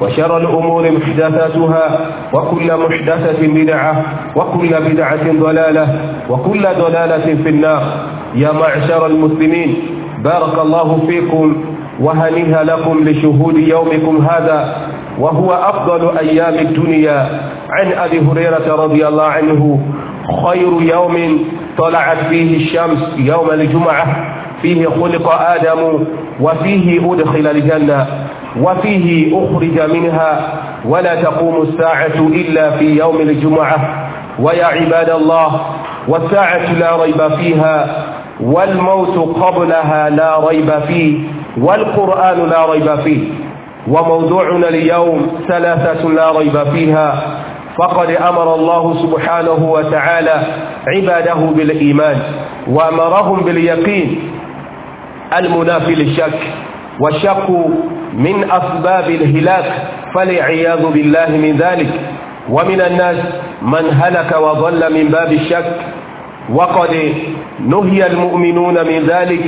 وشر الأمور محدثاتها وكل محدثة بدعة وكل بدعة ضلالة وكل ضلالة في النار يا معشر المسلمين بارك الله فيكم وهنيها لكم لشهود يومكم هذا وهو أفضل أيام الدنيا عن أبي هريرة رضي الله عنه خير يوم طلعت فيه الشمس يوم الجمعة فيه خلق آدم وفيه أدخل الجنة وفيه أخرج منها ولا تقوم الساعة إلا في يوم الجمعة ويا عباد الله والساعة لا ريب فيها والموت قبلها لا ريب فيه والقرآن لا ريب فيه وموضوعنا اليوم ثلاثة لا ريب فيها فقد أمر الله سبحانه وتعالى عباده بالإيمان وأمرهم باليقين المنافي للشك والشك من أسباب الهلاك فالعياذ بالله من ذلك ومن الناس من هلك وضل من باب الشك وقد نهي المؤمنون من ذلك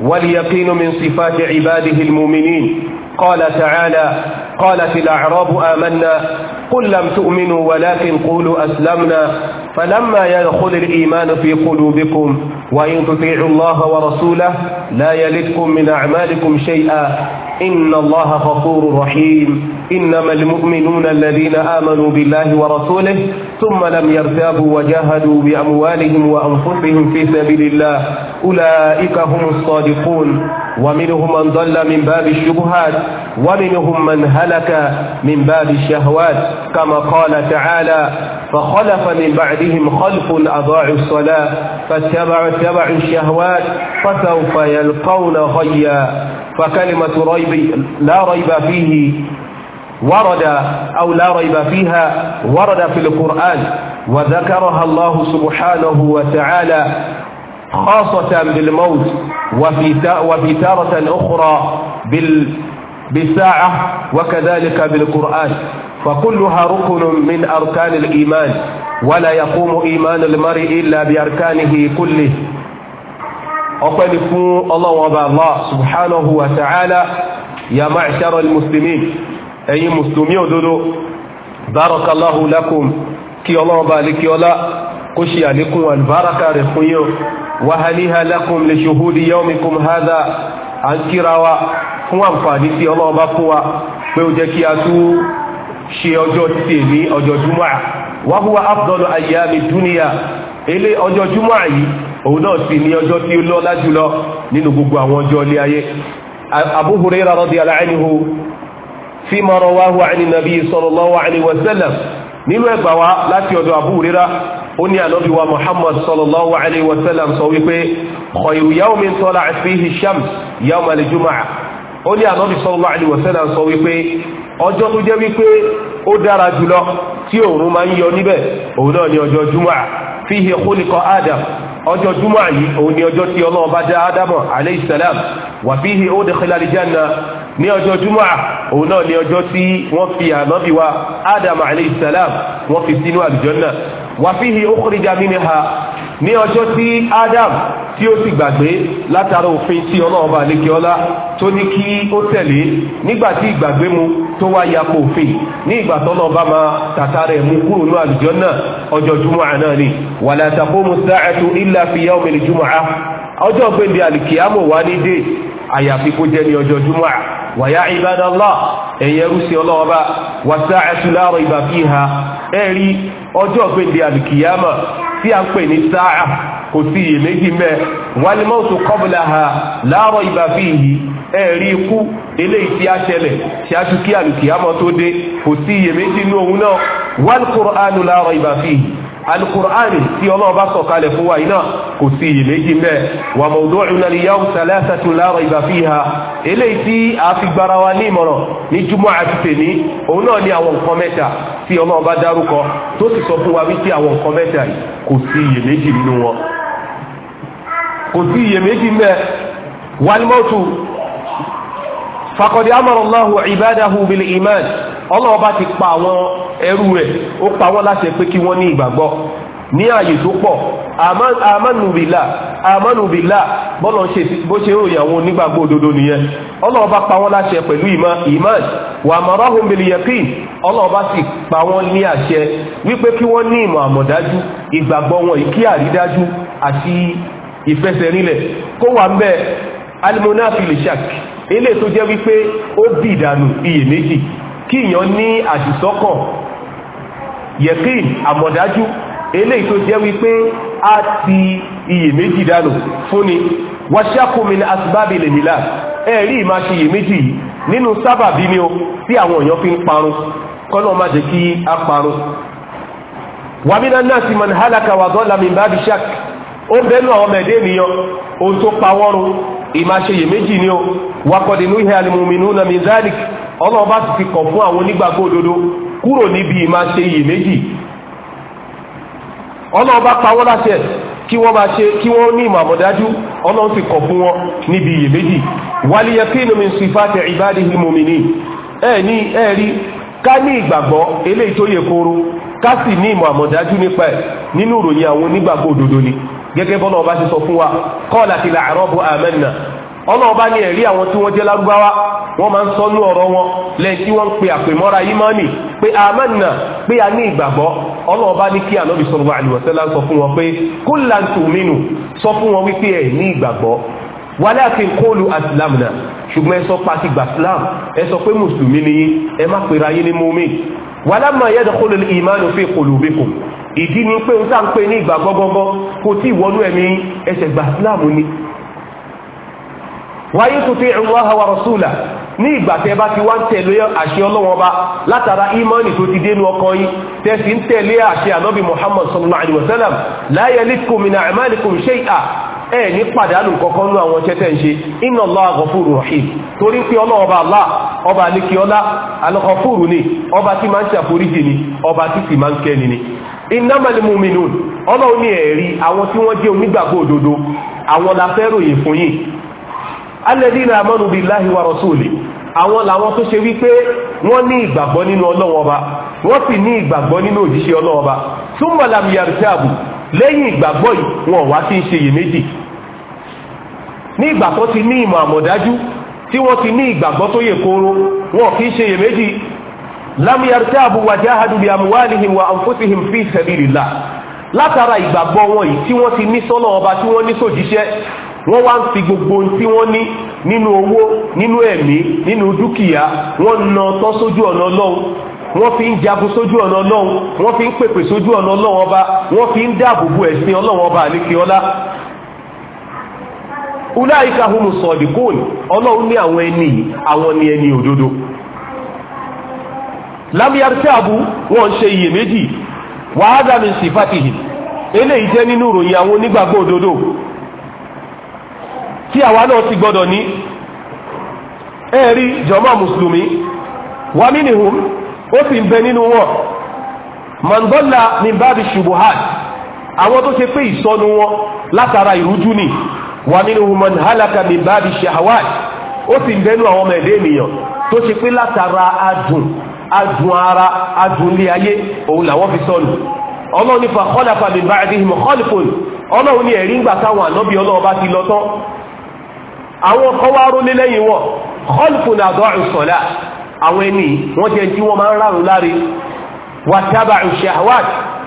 واليقين من صفات عباده المؤمنين قال تعالى قالت الأعراب آمنا قل لم تؤمنوا ولكن قولوا أسلمنا فلما يدخل الإيمان في قلوبكم وإن تطيعوا الله ورسوله لا يلدكم من أعمالكم شيئا إن الله غفور رحيم إنما المؤمنون الذين آمنوا بالله ورسوله ثم لم يرتابوا وجاهدوا بأموالهم وأنفسهم في سبيل الله أولئك هم الصادقون ومنهم من ضل من باب الشبهات ومنهم من هل هلك من باب الشهوات كما قال تعالى فخلف من بعدهم خلف أضاعوا الصلاة فاتبعوا اتبعوا الشهوات فسوف يلقون غيا فكلمة ريب لا ريب فيه ورد أو لا ريب فيها ورد في القرآن وذكرها الله سبحانه وتعالى خاصة بالموت وفي وفي تارة أخرى بال بالساعة وكذلك بالقرآن فكلها ركن من أركان الإيمان ولا يقوم إيمان المرء إلا بأركانه كله أقول الله وبا الله سبحانه وتعالى يا معشر المسلمين أي مسلمين دلو بارك الله لكم كي الله بالك يولا كشي عليكم البركة رخيو وهليها لكم لشهود يومكم هذا à ń kíra wa fún àǹfààní tí ọlọ́run bá fún wa pé ó jẹ́ kí a tún ṣe ọjọ́ tí èmi ọjọ́ júmọ́ à wa huwa afdalu ayyami dúníyà ilé ọjọ́ júmọ́ àyí òun náà sì ní ọjọ́ tí ó lọ́lá jùlọ nínú gbogbo àwọn ọjọ́ ilé ayé Abu Hurairah radiyallahu anhu fima rawahu an nabi sallallahu alaihi wa sallam nínú ẹgbàá láti ọ̀dọ̀ Abu Hurairah ó ní ànábì wa muhammad sallallahu alayhi wa sallam sọ wípé khayru yawmin tala'at fihi shams yawm al-jumu'ah ó ní ànábì sallallahu alayhi wa sallam sọ wípé ọjọ́ tó jẹ́ wípé ó dára jùlọ tí òòrùn máa ń yọ níbẹ̀ òun náà ni ọjọ́ jumu'ah fihi khuliqa adam ọjọ́ jumu'ah yìí òun ni ọjọ́ tí ọlọ́run bá dá ádámù alayhi salam wa fihi udkhila al-janna ní ọjọ́ jumu'ah òun náà ni ọjọ́ tí wọ́n fi ànábì wa ádámù alayhi salam wọ́n fi sínú àlùjànnà wàfíhì ukhrija minha ní ọjọ́ tí Adam tí ó sì gbàgbé látara òfin tí ọlọ́ọ̀bá àlékeọ́lá tó ní kí ó tẹ̀lé nígbà tí ìgbàgbé mu tó wá yapo òfin ní ìgbà tọ́lọ́ọ̀bá máa tàta rẹ̀ mú kúrò ní àlùjánnà ọjọ́ júmọ̀á náà ni wala taqumu sa'atu illa fi yawmil júmọ̀á ọjọ́ gbèndé àlìkìyàmọ̀ wá ní dé àyàfi kó jẹ́ ní ọjọ́ júmọ̀á wàyà ibadallah ẹ̀rí ọjọ́ gbèndé àlùkìyàmà tí a ń pè ní sáà kò sí iyèméjì mẹ́ wàlímọ́tò kọ́bùlà ha láàárọ̀ ìbàfí yìí ẹ̀rí ikú eléyìí tí a ṣẹlẹ̀ ṣáájú kí àlùkìyàmà tó dé kò sí iyèméjì ní òun náà wàlíkùrọ̀ ánù láàárọ̀ ìbàfí yìí alukur'ani tí ọlọ́run bá sọ̀kalẹ̀ fún wa iná kò sí iyèméjì mbẹ́ wà mawdu'una al-yawm thalathatun la rayba fiha eléyìí tí a fi gbára wa ní ìmọ̀ràn ní júmọ́ àti tèmi òun náà ní àwọn nǹkan mẹ́ta tí ọlọ́run bá dárúkọ tó sì sọ fún wa wípé àwọn nǹkan mẹ́ta yìí kò sí iyèméjì nínú wọn kò sí iyèméjì mbẹ́ wal mawtu faqad amara Allahu ibadahu bil iman ọlọ́run bá ti pa àwọn ẹrú rẹ̀ ó pa wọ́n láṣẹ pé kí wọ́n ní ìgbàgbọ́ ní ààyè tó pọ̀ àmánùbìlà àmánùbìlà bọ́lọ̀ ṣe bó ṣe ròyìn àwọn onígbàgbọ́ òdodo nìyẹn ọlọ́ọ̀bá pa wọ́n láṣẹ pẹ̀lú ìmọ̀ ìmán wà marahum bil yaqin ọlọ́ọ̀bá sì pa wọ́n ní àṣẹ wípé kí wọ́n ní ìmọ̀ àmọ̀dájú ìgbàgbọ́ wọn ìkí àrídájú àti ìfẹsẹ̀rinlẹ̀ kó wà ń bẹ́ẹ̀ alimonafi lè ṣàkí eléyìí tó jẹ́ wípé ó bì ìdànù iyèméjì kí èèyàn ní àdìsọ́kàn yẹ̀kín àmọ̀dájú eléyìí tó jẹ́ wípé a ti iyèméjì dànù fúnni wàṣàkùnmin asibábi lè nílà ẹ̀rí ìmá ṣe iyèméjì yìí nínú sábàbí ni o tí àwọn èèyàn fi ń parun kọ́nà má jẹ́ kí a parun wàmínà náà ti mọ̀n hálàkà wà dọ́là mi bá bí ṣak ó bẹ́nu àwọn ẹ̀dẹ́ ènìyàn ohun tó pa wọ́run ìmá ni o wàkọ̀dínú ìhẹ́ alìmùmínú na mizalik ọlọ́run bá sì ti kọ̀ fún àwọn onígbàgbọ́ òdodo kúrò níbi ìmáa ṣe iyèméjì ọlọ́run bá pa wọ́n láṣẹ kí wọ́n máa ṣe kí wọ́n ní ìmọ̀ àmọ̀dájú ọlọ́run sì kọ̀ fún wọn níbi iyèméjì wàlíyẹkínú min sifati ibadihi mumini ẹ ní ẹ rí ká ní ìgbàgbọ́ eléyìí tó yẹ kóró ká sì ní ìmọ̀ àmọ̀dájú nípa ẹ̀ nínú ìròyìn àwọn onígbàgbọ́ òdodo ni gẹ́gẹ́ bọ́lá ọba ṣe sọ fún wa qalat al-a'rabu amanna ọlọ́run bá ní ẹ̀rí àwọn tí wọ́n jẹ́ lárúbáwá wọ́n máa ń sọ ní ọ̀rọ̀ wọn lẹ́yìn tí wọ́n ń pe àpèmọ́ra ìmánì pé àmánà pé a ní ìgbàgbọ́ ọlọ́run bá ní kí ànábì sallallahu alaihi wasallam sọ fún wọn pé kullan tu'minu sọ fún wọn wípé ẹ̀ ní ìgbàgbọ́ walakin qulu aslamna ṣùgbọ́n ẹ sọ pa ti gbà islam ẹ sọ pé mùsùlùmí ni yín ẹ má pera yín ní mùmí walamma yadkhulu al-imanu fi qulubikum ìdí ni pé ń sáà ń pè ní ìgbàgbọ́ gbọ́gbọ́ kò tí ìwọ́nú ẹ̀mí ẹsẹ̀ gbà islam ni wáyé tó fi ìrùwáhà wa rọ̀ṣúlà ní ìgbà tẹ́ bá ti wá ń tẹ̀lé àṣẹ ọlọ́wọ́n bá látara ìmọ̀ọ́nì tó ti dénú ọkàn yín tẹ́ sì ń tẹ̀lé àṣẹ ànábì muhammad sallallahu alayhi wa sallam la yalitkum min a'malikum shay'a ẹ ní pàdánù kọ̀ọ̀kan nú àwọn ṣẹ́tẹ̀ ń ṣe inna Allaha ghafurur rahim torí pé ọlọ́wọ́n bá allah ọba ni ọba tí ọlọ́run ní ẹ̀rí àwọn tí wọ́n jẹ́ onígbàgbọ́ òdodo àwọn la fẹ́ ròyìn fún yín alẹ́dínà amánu billahi wa rasuli àwọn làwọn tó ṣe wípé wọ́n ní ìgbàgbọ́ nínú ọlọ́wọ́n ọba wọ́n sì ní ìgbàgbọ́ nínú òjíṣẹ́ ọlọ́wọ́n ọba thumma lam yartabu lẹ́yìn ìgbàgbọ́ yìí wọn wá sí ń ṣe méjì, ní ìgbà ti ní ìmọ̀ àmọ̀dájú tí wọ́n ti ní ìgbàgbọ́ tó yẹ kóró wọn kì í ṣe iyèméjì lam yartabu wa jahadu látara ìgbàgbọ́ wọn yìí tí wọ́n ti ní sọ́nà ọba tí wọ́n ní sòjíṣẹ́ wọ́n wá ń fi gbogbo tí wọ́n ní nínú owó nínú ẹ̀mí nínú dúkìá wọ́n na tọ́ sójú ọ̀nà ọlọ́run wọ́n fi ń jagun sójú ọ̀nà ọlọ́run wọ́n fi ń pèpè sójú ọ̀nà ọlọ́run ọba wọ́n fi ń dáàbò bo ẹ̀sìn ọlọ́run ọba àlékè ọlá ulaika humu sọdikun ọlọ́run ní àwọn ẹni yìí àwọn ni ẹni òdodo lámìyàtí àbú wọ́n ń ṣe iyèméjì wàhádà mi sifatihim eléyìí jẹ́ nínú ìròyìn àwọn onígbàgbọ́ òdodo tí àwa náà ti gbọ́dọ̀ ní ẹ̀rí jọmọ́ mùsùlùmí wà minhum ó sì ń bẹ nínú wọn mọ̀ndọ́là ní báàbí ṣubuhat àwọn tó ṣe pé ìsọnu wọn látara ìrújú ni wà minhum man halaka ní báàbí ṣahawat ó sì ń àwọn ọmọ ẹ̀dẹ́ ènìyàn tó ṣe pé látara adùn ara adùn ilé ayé òun làwọn fi sọnù ọlọ́run ní fa khalafa min ba'dihim khalfun ọlọ́run ní ẹ̀rí ńgbà táwọn ànábì ọlọ́run bá ti lọ tán àwọn kan wá rólé lẹ́yìn wọn khalfun ada'u sọ̀lá àwọn ẹni wọ́n jẹ́ tí wọ́n máa ń rárun láre wọ́n ara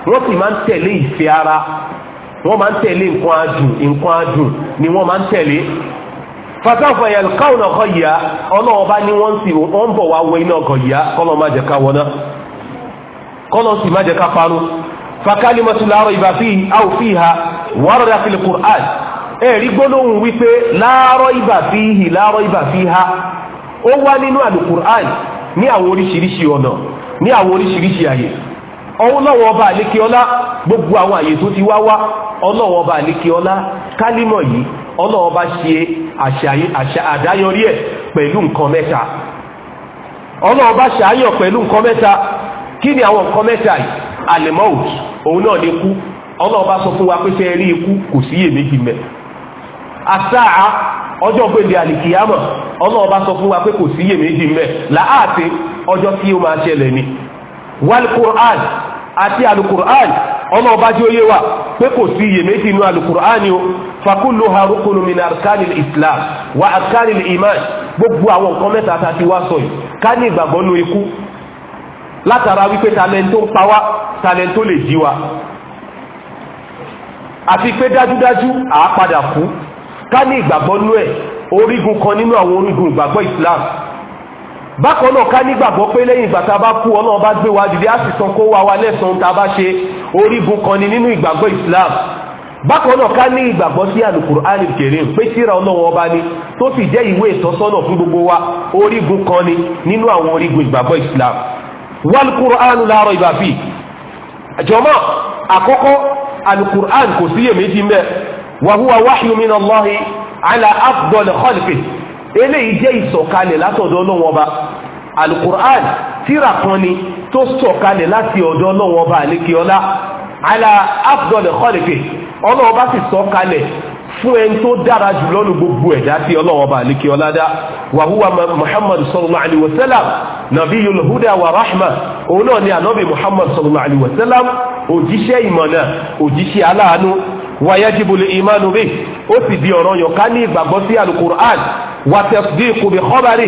wọ́n máa ń tẹ̀lé nǹkan adùn ni wọ́n máa fasafa yalqawna ghayya ọlọ́wọ́ bá ní wọ́n sì wọ́n bọ̀ wá wọ iná ghayya kọ́lọ́ má jẹ́ ká wọ́n náà kọ́lọ́ sì má jẹ́ ká parun fakalimatu la rayba fihi aw fiha warada fil qur'an ẹ̀rí gbólóhùn wípé la rayba fihi la rayba fiha ó wá nínú alukur'an ni àwọn oríṣiríṣi ọ̀nà ní àwọn oríṣiríṣi àyè ọlọ́wọ́ ọba àlékeọlá gbogbo àwọn àyè tó ti wá wá ọlọ́wọ́ ọba àlékeọlá kálímọ̀ yi. ọlọ́run ọba ṣe àṣà ẹ̀ pẹ̀lú nǹkan mẹ́ta ọlọ́run bá pẹ̀lú nǹkan mẹ́ta kí ni àwọn nǹkan mẹ́ta yìí alimout òun náà ni kú ọlọ́run sọ fún wa pé fẹ́ rí ikú kò sí iyèméjì mẹ́ asáà ọjọ́ àlìkìyàmọ̀ sọ fún pé kò sí mẹ́ làáàtì ọjọ́ tí ó máa ṣẹlẹ̀ ni wal Qur'an àti alukur'an ọmọ ọba tí ó yé wa pé kò sí iyèméjì inú alukur'an o fakulu harukunu min arkani islam wa arkani iman gbogbo àwọn nǹkan mẹ́ta tá a ti wá sọ yìí ká ní ìgbàgbọ́ nu ikú látara wípé talento ń pa wá talento lè jí wa àti pé dájúdájú à á padà kú ká ní ìgbàgbọ́ nú ẹ̀ orígun kan nínú àwọn orígun ìgbàgbọ́ islam bákan náà ká nígbàgbọ́ pé lẹ́yìn ìgbà tá a bá kú ọlọ́run bá gbé wa dìde á sì san kó wa wa lẹ́sàn-án tá a bá ṣe orígun kan ni nínú ìgbàgbọ́ islam bákan náà ká ní ìgbàgbọ́ sí alukur'an kerim pé síra ọlọ́run ọba ni tó sì jẹ́ ìwé ìtọ́sọ́nà fún gbogbo wa orígun kan ni nínú àwọn orígun ìgbàgbọ́ islam walukur'an láàárọ̀ ìbàfí jọmọ́ àkọ́kọ́ alukur'an kò síyèméjì mẹ́ wàhùwà wáhíù min eléyìí jẹ́ ìsọ̀kalẹ̀ látọ̀dọ̀ ọlọ́wọ́n ọba alukur'an tíra kan ni tó sọ̀kalẹ̀ láti ọ̀dọ̀ ọlọ́wọ́n ọba àlékiọlá ala afdol kọlẹ̀kẹ̀ ọlọ́wọ́n bá sì sọ̀kalẹ̀ fún ẹni tó dára jùlọ ní gbogbo ẹ̀dá tí ọlọ́wọ́n ọba àlékiọlá dá wàhúwa muhammad sallallahu alayhi wa sallam nabiyul huda wa rahma òun náà ni anabi muhammad sallallahu alayhi wa sallam òjíṣẹ́ ìmọ̀nà òjíṣẹ́ aláàánú wàyájibul ìmánu bẹ́ẹ̀ ó sì di ọ̀ranyàn ká ní ìgbàgbọ́ sí alukur'an wàtẹ̀sídìkù bí kọ́bárì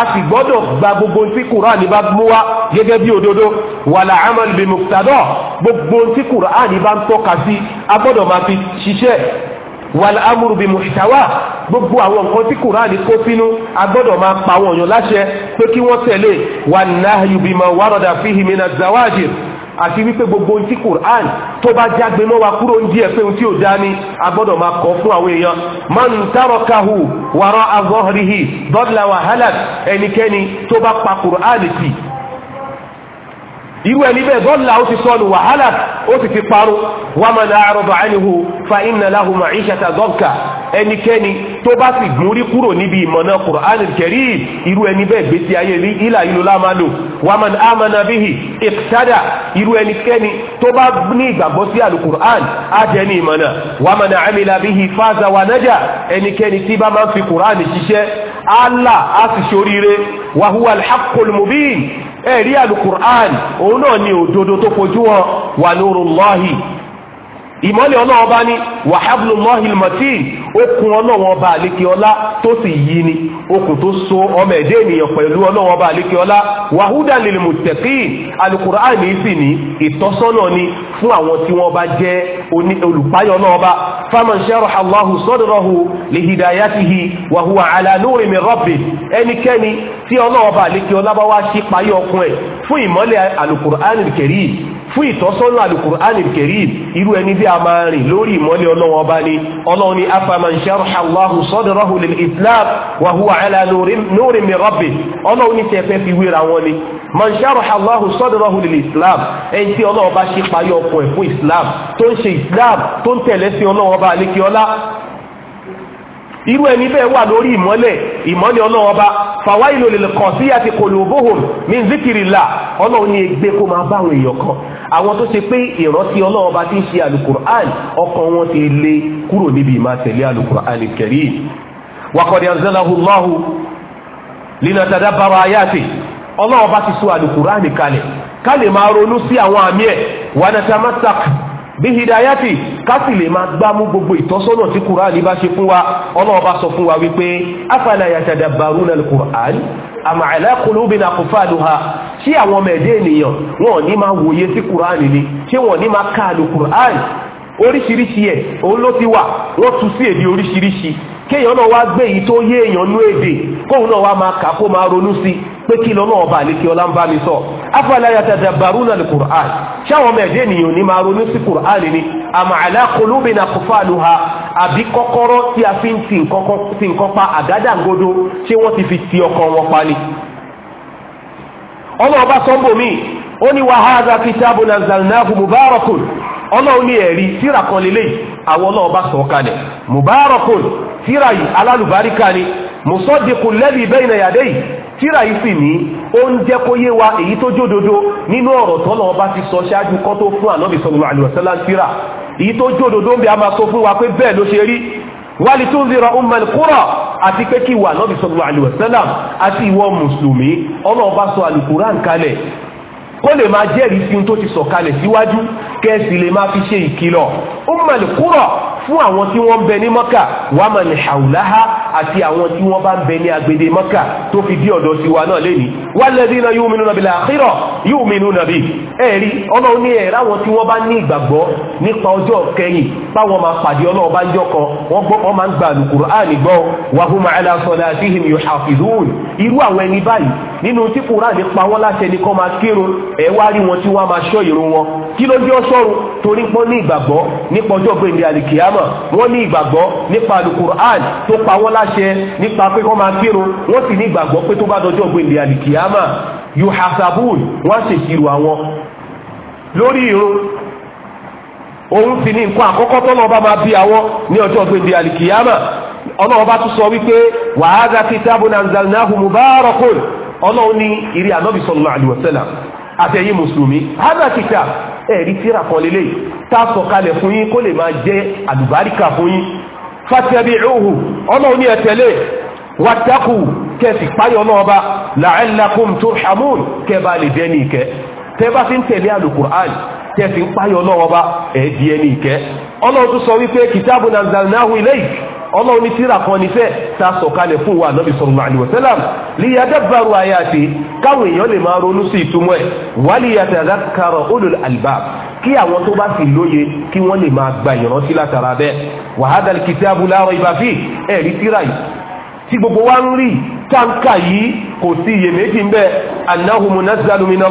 a sì gbọ́dọ̀ gba gbogbo tí kùránì bá mú wá gẹ́gẹ́ bí òdodo wàlà amal bí muktadọ́ gbogbo tí kùránì bá ń tọ́ka sí a gbọ́dọ̀ máa fi ṣiṣẹ́ wàlà amúrú bí muhtawa gbogbo àwọn nǹkan tí kùránì kó sínú a gbọ́dọ̀ máa pa àwọn èèyàn láṣẹ pé kí wọ́n tẹ̀lé wà náà yùbí máa wárọ̀dà fíhìmínà zawajir àti wípé gbogbo ohun tí Qur'an tó bá jágbe mọ́ wa kúrò ń di ẹ̀ pé ohun tí ò dá ní a gbọ́dọ̀ máa kọ́ fún àwọn èèyàn man tarakahu wara azọ́hìrìhì dọ́dìlà wàhálà ẹnikẹ́ni tó bá pa Qur'an tì irú ẹni bẹ́ẹ̀ dọ́là ó ti sọnù wàhálà ó sì ti parun wa man a'rada anhu fa inna lahu ma'ishata dhanka ẹnikẹ́ni tó bá sì gúnrí kúrò níbi ìmọ̀nà Qur'anil Karim irú ẹni bẹ́ẹ̀ gbèsè ayé rí ìlà ìlú lámàlò wa man amana bihi iqtada irú ẹnikẹ́ni tó bá ní ìgbàgbọ́ sí alukur'an á jẹ́ ní ìmọ̀nà wa man máa ń fi Qur'an ṣiṣẹ́ ẹ̀rí alukur'an òun náà ni òdodo tó fojú wọn wà nurullahi ìmọ́lẹ̀ ọlọ́ọ̀bá ni wàhábùlùmọ́hìlmọ́tì okùn ọlọ́wọ́n ọba àlékè ọlá tó sì yí ni okùn tó so ọmọ ẹ̀dẹ́ ènìyàn pẹ̀lú ọlọ́wọ́n ọba àlékè ọlá wàhúdà lil muttaqin alukur'ani sì ní ìtọ́sọ́nà ni fún àwọn tí wọ́n bá jẹ́ olùpáyọ̀ náà ọba faman sharaha Allahu sadrahu lihidayatihi wa huwa ala nurin min rabbih ẹnikẹ́ni tí ọlọ́wọ́n ọba àlékè ọlá bá wá sí payọ̀ ọkùn ẹ̀ fún ìtọ́sọ́nà alukur'ani karim irú ẹni bí a máa rìn lórí ìmọ́lẹ̀ ọlọ́wọ́n ọba ni ọlọ́wọ́n ni afam man sharaha Allahu sadrahu lil islam wa huwa ala nurin min rabbih ọlọ́run ní sẹ́fẹ́ fi wéra wọn ni man sharaha Allahu sadrahu lil islam ẹni tí ọlọ́run bá ṣe payọ́ ọkọ̀ ẹ̀ fún islam tó ń ṣe islam tó ń tẹ̀lé sí ọlọ́run bá alékiọ́lá irú ẹni bẹ́ẹ̀ wà lórí ìmọ́lẹ̀ ìmọ́lẹ̀ ọlọ́wọ́ bá fawailul lil qasiyati qulubuhum min zikrillah ọlọ́run ní egbe kó máa bá àwọn èèyàn kan àwọn tó ṣe pé ìrántí ọlọ́run bá ti ń ṣe alukur'an ọkàn wọn ti lé kúrò níbi ìmá tẹ̀lé alukur'an karim wakọ̀dẹ̀ anzalahullahu linatadabara ayati ọlọ́run bá ti sọ alukur'an kalẹ̀ ká lè máa ronú sí àwọn àmì ẹ̀ wanatamasa bí hidayati kásì lè máa gbámú gbogbo ìtọ́sọ́nà tí kùránì bá ṣe fún wa ọlọ́ọ̀bá sọ fún wa wípé afala yatadabbaruna al-Qur'an am ala qulubin aqfaluha tí àwọn ọmọ ẹ̀dẹ́ ènìyàn wọn ò ní máa wòye sí kùránì ni ṣé wọn ò ní máa káàlù kùránì oríṣiríṣi ẹ̀ òun ló ti wà wọ́n tu sí èdè oríṣiríṣi kéèyàn náà wá gbé èyí tó yé èèyàn nú èdè kóun náà wá máa kà kó máa ronú sí pé kí lọ́nà ọba àlekí ọlá ń bá mi sọ afala yatadabbaruna al-Qur'an ṣáwọn ọmọ ẹ̀dẹ́ ènìyàn ní máa ronú sí Qur'an ni am ala qulubin aqfaluha àbí kọ́kọ́rọ́ tí a fi ń ti nǹkan pa àgádágodo ṣé wọ́n ti fi ti ọkàn wọn pa ni. ọlọ́ọ̀bá sọ́ńbòmí ó ní wa hadha kitabun anzalnahu ọlọ́run ní ẹ̀rí tíra kan lélẹ́yìí àwọn ọlọ́run bá sọ̀ kalẹ̀ mubarakun tíra yìí alálùbáríkà ni musọ́dikun lẹ́bi bẹ́yìn ẹ̀yàdẹ́ yìí tíra yìí sì ní ó ń jẹ́ kó yé wa èyí tó jódodo nínú ọ̀rọ̀ tọ́lọ́ ọba ti sọ ṣáájú kọ́ tó fún ànábì sallallahu alaihi wasallam tíra èyí tó jódodo ń bẹ a máa sọ fún wa pé bẹ́ẹ̀ ló ṣe rí wali tunzira ummal qura àti pé kí wà ànábì sallallahu alaihi wasallam àti ìwọ mùsùlùmí ọlọ́ọ̀ba sọ àlùkùrán kalẹ̀ kó lè máa jẹ́rìí sí ohun tó ti sọ kalẹ̀ síwájú kẹ́sì lè máa fi ṣe ìkìlọ̀ ummal qura fún àwọn tí wọ́n ń bẹ ní mọ́kà wàá mà ní hàwùláhà àti àwọn tí wọ́n bá ń bẹ ní agbede mọ́kà tó fi dí ọ̀dọ̀ sí wa náà lẹ́ni walladhina yu'minuna bil akhirah yu'minuna bi ẹ̀rí ọlọ́run ní ẹ̀rá àwọn tí wọ́n bá ní ìgbàgbọ́ nípa ọjọ́ kẹyìn báwọn máa pàdé ọlọ́run bá ń jọ kan wọ́n gbọ́ wọ́n máa ń gba al-Qur'an gbọ́ wa hum ala salatihim yuhafizun irú nínú tí Qur'an pa wọ́n láṣẹ ni kọ́ máa kírun ẹ̀ wá rí wọn tí wọ́n máa ṣọ́ ìrun wọn kí ló dé ọ́ torí pọ́n ní ìgbàgbọ́ nípa ọjọ́ gbèǹde àlìkìyàm sahaba wọ́n ní ìgbàgbọ́ nípa alukur'an tó pa wọ́n láṣẹ nípa pé kọ́ máa kírun wọ́n sì ní ìgbàgbọ́ pé tó bá dọjọ́ gbèndé alikiyama wọ́n ṣèṣirò àwọn lórí irun òun sì ní nǹkan àkọ́kọ́ tó lọ́ọ́ bá máa bí àwọn ní ọjọ́ gbèndé alikiyama tún sọ wípé wàhálà mubarakun ní ìrì àtẹ̀yìn mùsùlùmí hadha kitab ẹ̀rí tíra kan lélẹ̀ tá a sọ̀kalẹ̀ fún yín kó lè máa jẹ́ àlùbáríkà fún yín fattabi'uhu ọlọ́run ní ẹ tẹ̀lé wattaqu kẹsì páyọ̀ náà bá la'allakum turhamun kẹba lè dẹ́ni ìkẹ́ tẹ́ bá fi ń tẹ̀lé alukur'an kẹsì páyọ̀ náà bá ẹ̀ẹ́dì ẹni ìkẹ́ ọlọ́run tún sọ wípé kìtàbùn anzalnahu ilayk ọlọ́run ní tíra kan níṣẹ́ ta sọ̀kalẹ̀ fún wa ànábì sallallahu alaihi wasallam liyadabbaru ayati káwọn èèyàn lè máa ronú sí ìtumọ̀ ẹ̀ waliyatadhakkara ulul albab kí àwọn tó bá sì lóye kí wọ́n lè máa gba ìrántí látara bẹ́ẹ̀ wa hadhal kitabu la rayba fihi tíra yìí tí gbogbo wa ń rí táǹkà yìí kò sí iyèméjì ń bẹ annahu munazzalu min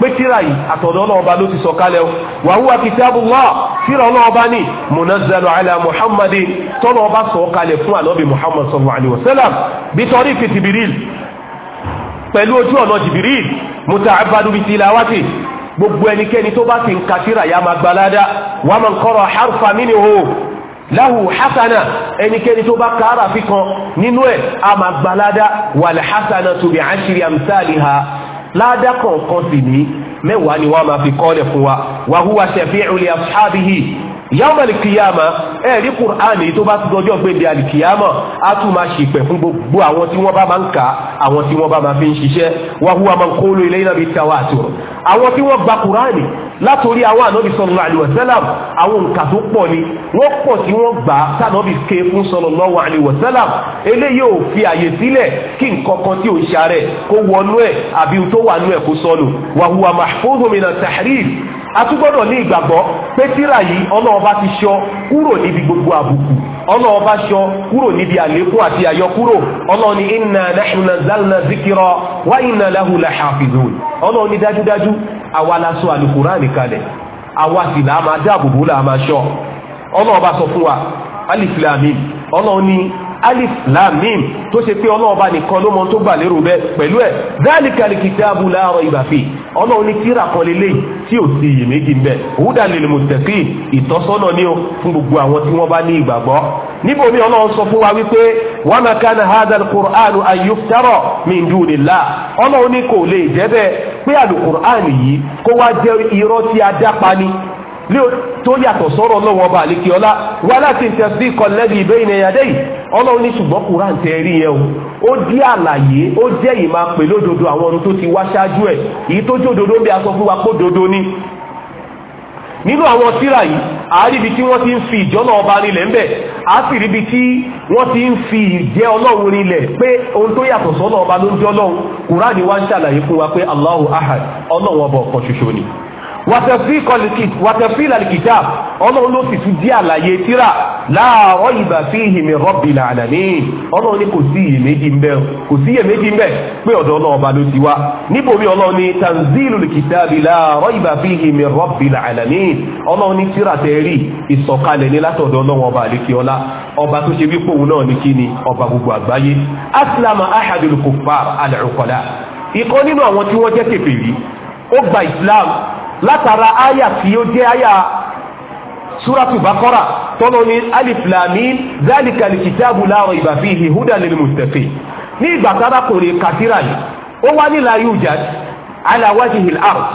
pé tíra yìí àtọ̀dọ̀ ọlọ́ọ̀ba ló ti sọ̀kalẹ̀ wàhùwà kitabullah tíra ọlọ́ọ̀bá ní munazzalu ala muhammadin tọ́lọ́ ọba sọ̀ kalẹ̀ fún alọ́bì muhammad sallallahu alayhi wa sallam bitori fi tibiril pẹ̀lú ojú ọ̀nà tibiril mutaabadu bi tilawati gbogbo ẹnikẹ́ni tó bá ti ń ka ya máa gbalada wàmọ̀ nkọ́rọ̀ harfa minhu lahu hasana ẹnikẹ́ni tó bá kára fi kan nínú ẹ̀ a máa gbalada wàlẹ̀ hasana tó bi ashri amsaliha ládàkọ̀ọ̀kan sì ní mẹ́wàá ni wọ́n máa fi kọ́lẹ̀ fún wa wàhùwà ṣẹ̀fí ìrùlẹ̀ àṣàbíhì yàmà ní kìyàmà ẹ rí kùránì yìí tó bá ti dọjọ́ gbé di àlìkìyàmà á tún máa ṣìpẹ̀ fún gbogbo àwọn tí wọ́n bá máa ń kà àwọn tí wọ́n bá máa fi ń ṣiṣẹ́ wa huwa man qulu ilayna bit tawatur àwọn tí wọ́n gba kùránì látòrí àwọn ànábì sallallahu alaihi wasallam àwọn nǹkan tó pọ̀ ni wọ́n pọ̀ tí wọ́n gbà á sànábì ké fún sallallahu alaihi wasallam eléyìí ò fi àyè sílẹ̀ kí nǹkan kan tí ò ń ṣàrẹ̀ kó wọnú ẹ̀ àbí tó wà nú ẹ̀ kó sọnù wa huwa mahfuzun atúgbọ́dọ̀ ní ìgbàgbọ́ pé tíra yìí ọba ti ṣọ kúrò níbi gbogbo àbùkù ọlọ́ọba ṣọ kúrò níbi àlékún àti àyọkúrò ọlọ́ọ̀ni inna nahnu nazzalna wa inna lahu lahafizun ọlọ́ọ̀ni dájúdájú àwa la sọ alukurani kalẹ̀ àwa sì là máa dáàbòbò là máa ṣọ sọ fún wa alif lam mim tó ṣe pé ọlọ́ọ̀ba nìkan ló mọ tó gbà lérò bẹ́ẹ̀ pẹ̀lú ẹ̀ dáàlìkàlì kìtàbù la rayba fi ọlọ́run ní tíra kan lélẹ́yìí tí ò sí iyèméjì ń bẹ̀ òwúdà lil muttaqin ìtọ́sọ́nà ni ó fún gbogbo àwọn tí wọ́n bá ní ìgbàgbọ́ níbo mi ọlọ́run sọ fún wa wípé wa ma kana hadha al-Qur'an an yuftara min dunillah ọlọ́run ní kò lè jẹ́ bẹ́ẹ̀ pé àlùkùránì yìí kó wá jẹ́ irọ́ tí a dápa ni tó yàtọ̀ sọ́rọ̀ ọlọ́wọ́ ọba àlekè ọlá wà láti tẹ̀sí kọ̀lẹ́bì ìbẹ́yìn ẹ̀yàdẹ́ yìí ọlọ́run ní ṣùgbọ́n Kùránì tẹ́ rí yẹn o ó jẹ́ àlàyé ó jẹ́ ìmá pè lódodo àwọn ọ̀run tó ti wá ṣáájú ẹ̀ èyí tó jódodo ń bẹ aṣọ fún wa dodo ni nínú àwọn tíra yìí ibi tí wọ́n ti ń fi ìjọ́nà ọba rinlẹ̀ ń bẹ̀ á sì tí ti ń fi ìjẹ́ ọlọ́run rinlẹ̀ pé ohun tó yàtọ̀ sọ́nà ọba ló ń jọ́ lọ́hùn Kùránì wá ń ṣàlàyé fún wa pé ọba ọ̀kan ṣoṣo ni wàtẹ̀fí kọlìkì wàtẹ̀fí làlìkìtà ọlọ́run ló sì tún di àlàyé tíra láàárọ̀ ìgbà sí ìhìnmí rọ́bìlà àlàní ọlọ́run ní kò sí iyèméjì ńbẹ kò sí iyèméjì ńbẹ pé ọ̀dọ̀ ọlọ́ọba ló ti wá níbòmí ọlọ́run ní tanzilu lìkìtàbí láàárọ̀ ìgbà sí ìhìnmí rọ́bìlà àlàní ọlọ́run ní tíra tẹ́rì ìsọ̀kalẹ̀ ní látọ̀dọ̀ ọlọ́run ọba àlekíọ́lá ọba tó ṣe wípé òun náà ní kíni ọba gbogbo àgbáyé látara àyà tí ó jẹ́ àyà súrátù bákọ́rà tọ́lọ́ ní alif lamin zálìkà lè kìtàbù la rayba fihi hudan lil muttaqin ní ìgbà tára kò lè kàtírà yìí ó wá ní la yujad ala wajhil ard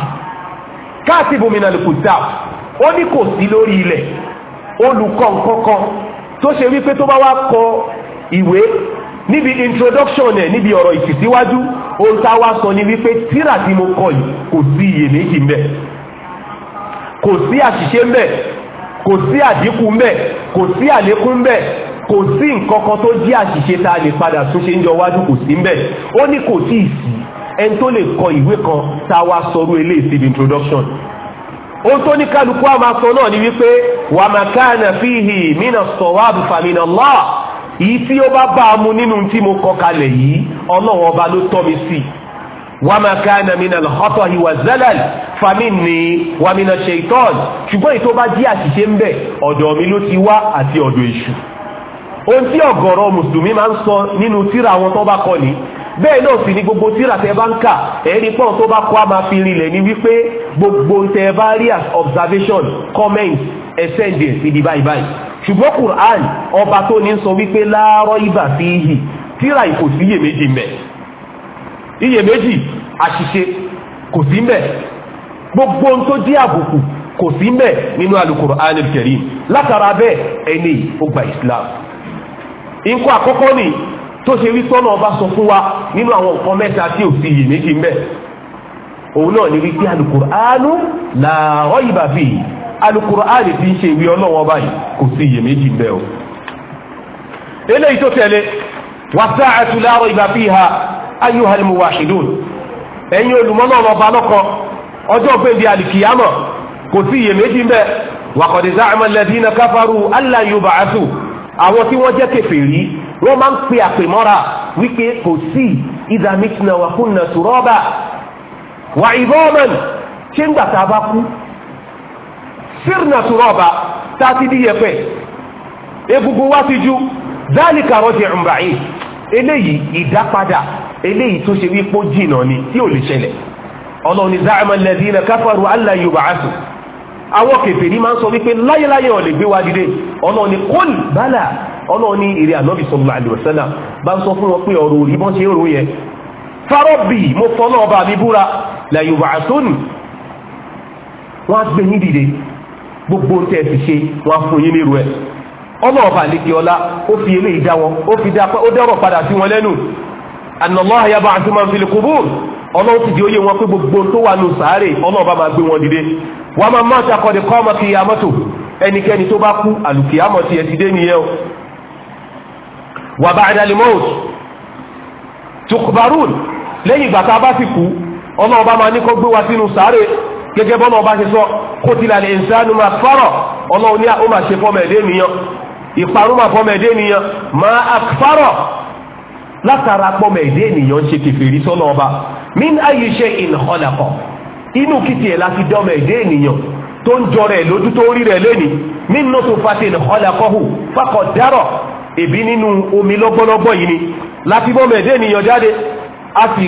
katibun minal kuttab ó ní kò sí lórí ilẹ̀ olùkọ́ nkankan tó ṣe wípé tó bá wá kọ ìwé níbi introduction ẹ̀ níbi ọ̀rọ̀ ìtìsíwájú ohun tá a wá sọ ni wípé tírà tí mo kọ yìí kò sí iyèméjì mbẹ́ kò sí àṣìṣe ń bẹ̀ kò sí àdínkù ń bẹ̀ kò sí àlékún ń bẹ̀ kò sí nǹkan kan tó jẹ́ àṣìṣe tá a lè padà túnṣe ń jọ wájú kò sí ń bẹ̀ ó ní kò tí ì sí ẹni tó lè kọ ìwé kan tá a wá sọrú eléyìí síbi introduction ohun tó ní kálukú àmà sọ náà ni wípé wà má káànà fíhì sọ̀rọ̀ sọ̀wáàbù fàmínà Allah yìí tí ó bá bá a mu nínú tí mo kọ kalẹ̀ yìí ọlọ́run ọba ló tọ́ mi sí i wàmà kánà mí nàlọ́ ọ̀tọ̀ ìwà zálàl fàmí ni wàmínà ṣèitọ́n ṣùgbọ́n ètò bá jẹ́ àṣìṣe ń bẹ̀ ọ̀dọ̀ mi ló ti wá àti ọ̀dọ̀ èṣù ohun tí ọ̀gọ̀rọ̀ mùsùlùmí máa ń sọ nínú tíra àwọn tó bá kọ ni bẹ́ẹ̀ náà sì ni gbogbo tíra tẹ bá ń kà ẹ̀rí pọ̀ tó bá kọ́ a máa fi rinlẹ̀ ni wípé gbogbo tẹ bá rí observation comment ẹsẹ̀ ǹdẹ̀ síbi báyìí báyìí ṣùgbọ́n Qur'an ọba tó ní sọ wípé láàárọ̀ ibà fi hì tíra ìkòsíyèméjì méjì àṣìṣe kò sí mbẹ̀ gbogbo ohun tó jẹ́ àbùkù kò sí mbẹ̀ nínú alukoro quran al-Karim látara bẹ́ẹ̀ ẹni ó gba Islam nkọ àkọ́kọ́ ni tó ṣe wí ọba sọ fún wa nínú àwọn nǹkan mẹ́ta tí ò sí iyèméjì mbẹ̀ òun náà ni wípé alukur'anu la arọ fi alukur'anu ti ń ṣe ìwé ọlọ́wọ́ báyìí kò sí o. eléyìí tó tẹ̀lé wàsáàtú ha. ayuhal muwahidun ẹ̀yin olùmọ́nà ọba lọ́kan ọjọ́ gbèndé alikiyama kò sí iyèméjì ń bẹ wàkọ̀dé záàmà lẹ́dínà káfàrú aláyọ̀bàásù àwọn tí wọ́n jẹ́ kèfèrí wọ́n máa ń pe àpèmọ́ra wípé kò sí ìdàmítìnà wàkúnnà tùrọ́bà wà ìbọ́ọ̀mọ̀n ṣé ń gbà tá a bá kú sírnà tùrọ́bà tá a ti di yẹ̀pẹ̀ egungun wá ti ju dáàlì kàrọ́ọ̀tì ẹ̀ǹbàyìn eléyìí ìdápadà eléyìí tó ṣe wípé ó jìnà ni tí ò lè ṣẹlẹ̀ ọlọ́run ní záàmà lẹ́dínà káfàrú allah yorùbá àṣù àwọn kèfèrí máa ń sọ wípé láyéláyé ò lè gbé wa dìde ọlọ́run ní kọ́l bálà ọlọ́run ní ìrẹ́ ànábì sallallahu alaihi wasallam bá ń sọ fún wọn pé ọ̀rọ̀ òrí bọ́n ṣe ń ro yẹn farọ́bì mo fọ́nà ọba mi búra la yorùbá àṣọ́nù wọ́n á gbé yín dìde gbogbo tẹ́ ẹ ti ṣe wọ́n á fún yín nírú ẹ̀ ọlọ́ọ̀bà àlekè ọlá ó fi eléyìí dá wọn ó fi dá ọ̀rọ̀ padà sí wọn lẹ́nu anallahu yab'athu man fil qubur ọlọ́run ti di oyè wọn pé gbogbo tó wà nù sàárè ọlọ́run bá máa gbé wọn dìde wa man mata qad qama qiyamatu ẹnikẹ́ni tó bá kú àlùkìyàmọ̀ tiẹ̀ ti dé nìyẹn o wa ba'da al-mawt tukbarun lẹ́yìn ìgbà tá a bá sì kú ọlọ́run bá máa ní kó gbé wa sínú sàárè gẹ́gẹ́ bọ́lá ọba ṣe sọ kutila al-insanu máa fọ́rọ̀ ọlọ́run ní àwọn máa ṣe fọ́mọ látara pọ́mọ̀ èdè ènìyàn ń ṣe kèfèrí sọ́nà ọba min ayi ṣe ìnàkọ́nàkọ́ inú kìtì ẹ̀ láti dọ́mọ̀ èdè ènìyàn tó ń jọrọ ẹ̀ lójú tó rí rẹ̀ lẹ́ni min nutfu fati ìnàkọ́nàkọ́hù fakọ̀ dárọ̀ èbí nínú omi lọ́gbọ́lọ́gbọ́ yìí ni láti bọ́mọ̀ èdè ènìyàn jáde a sì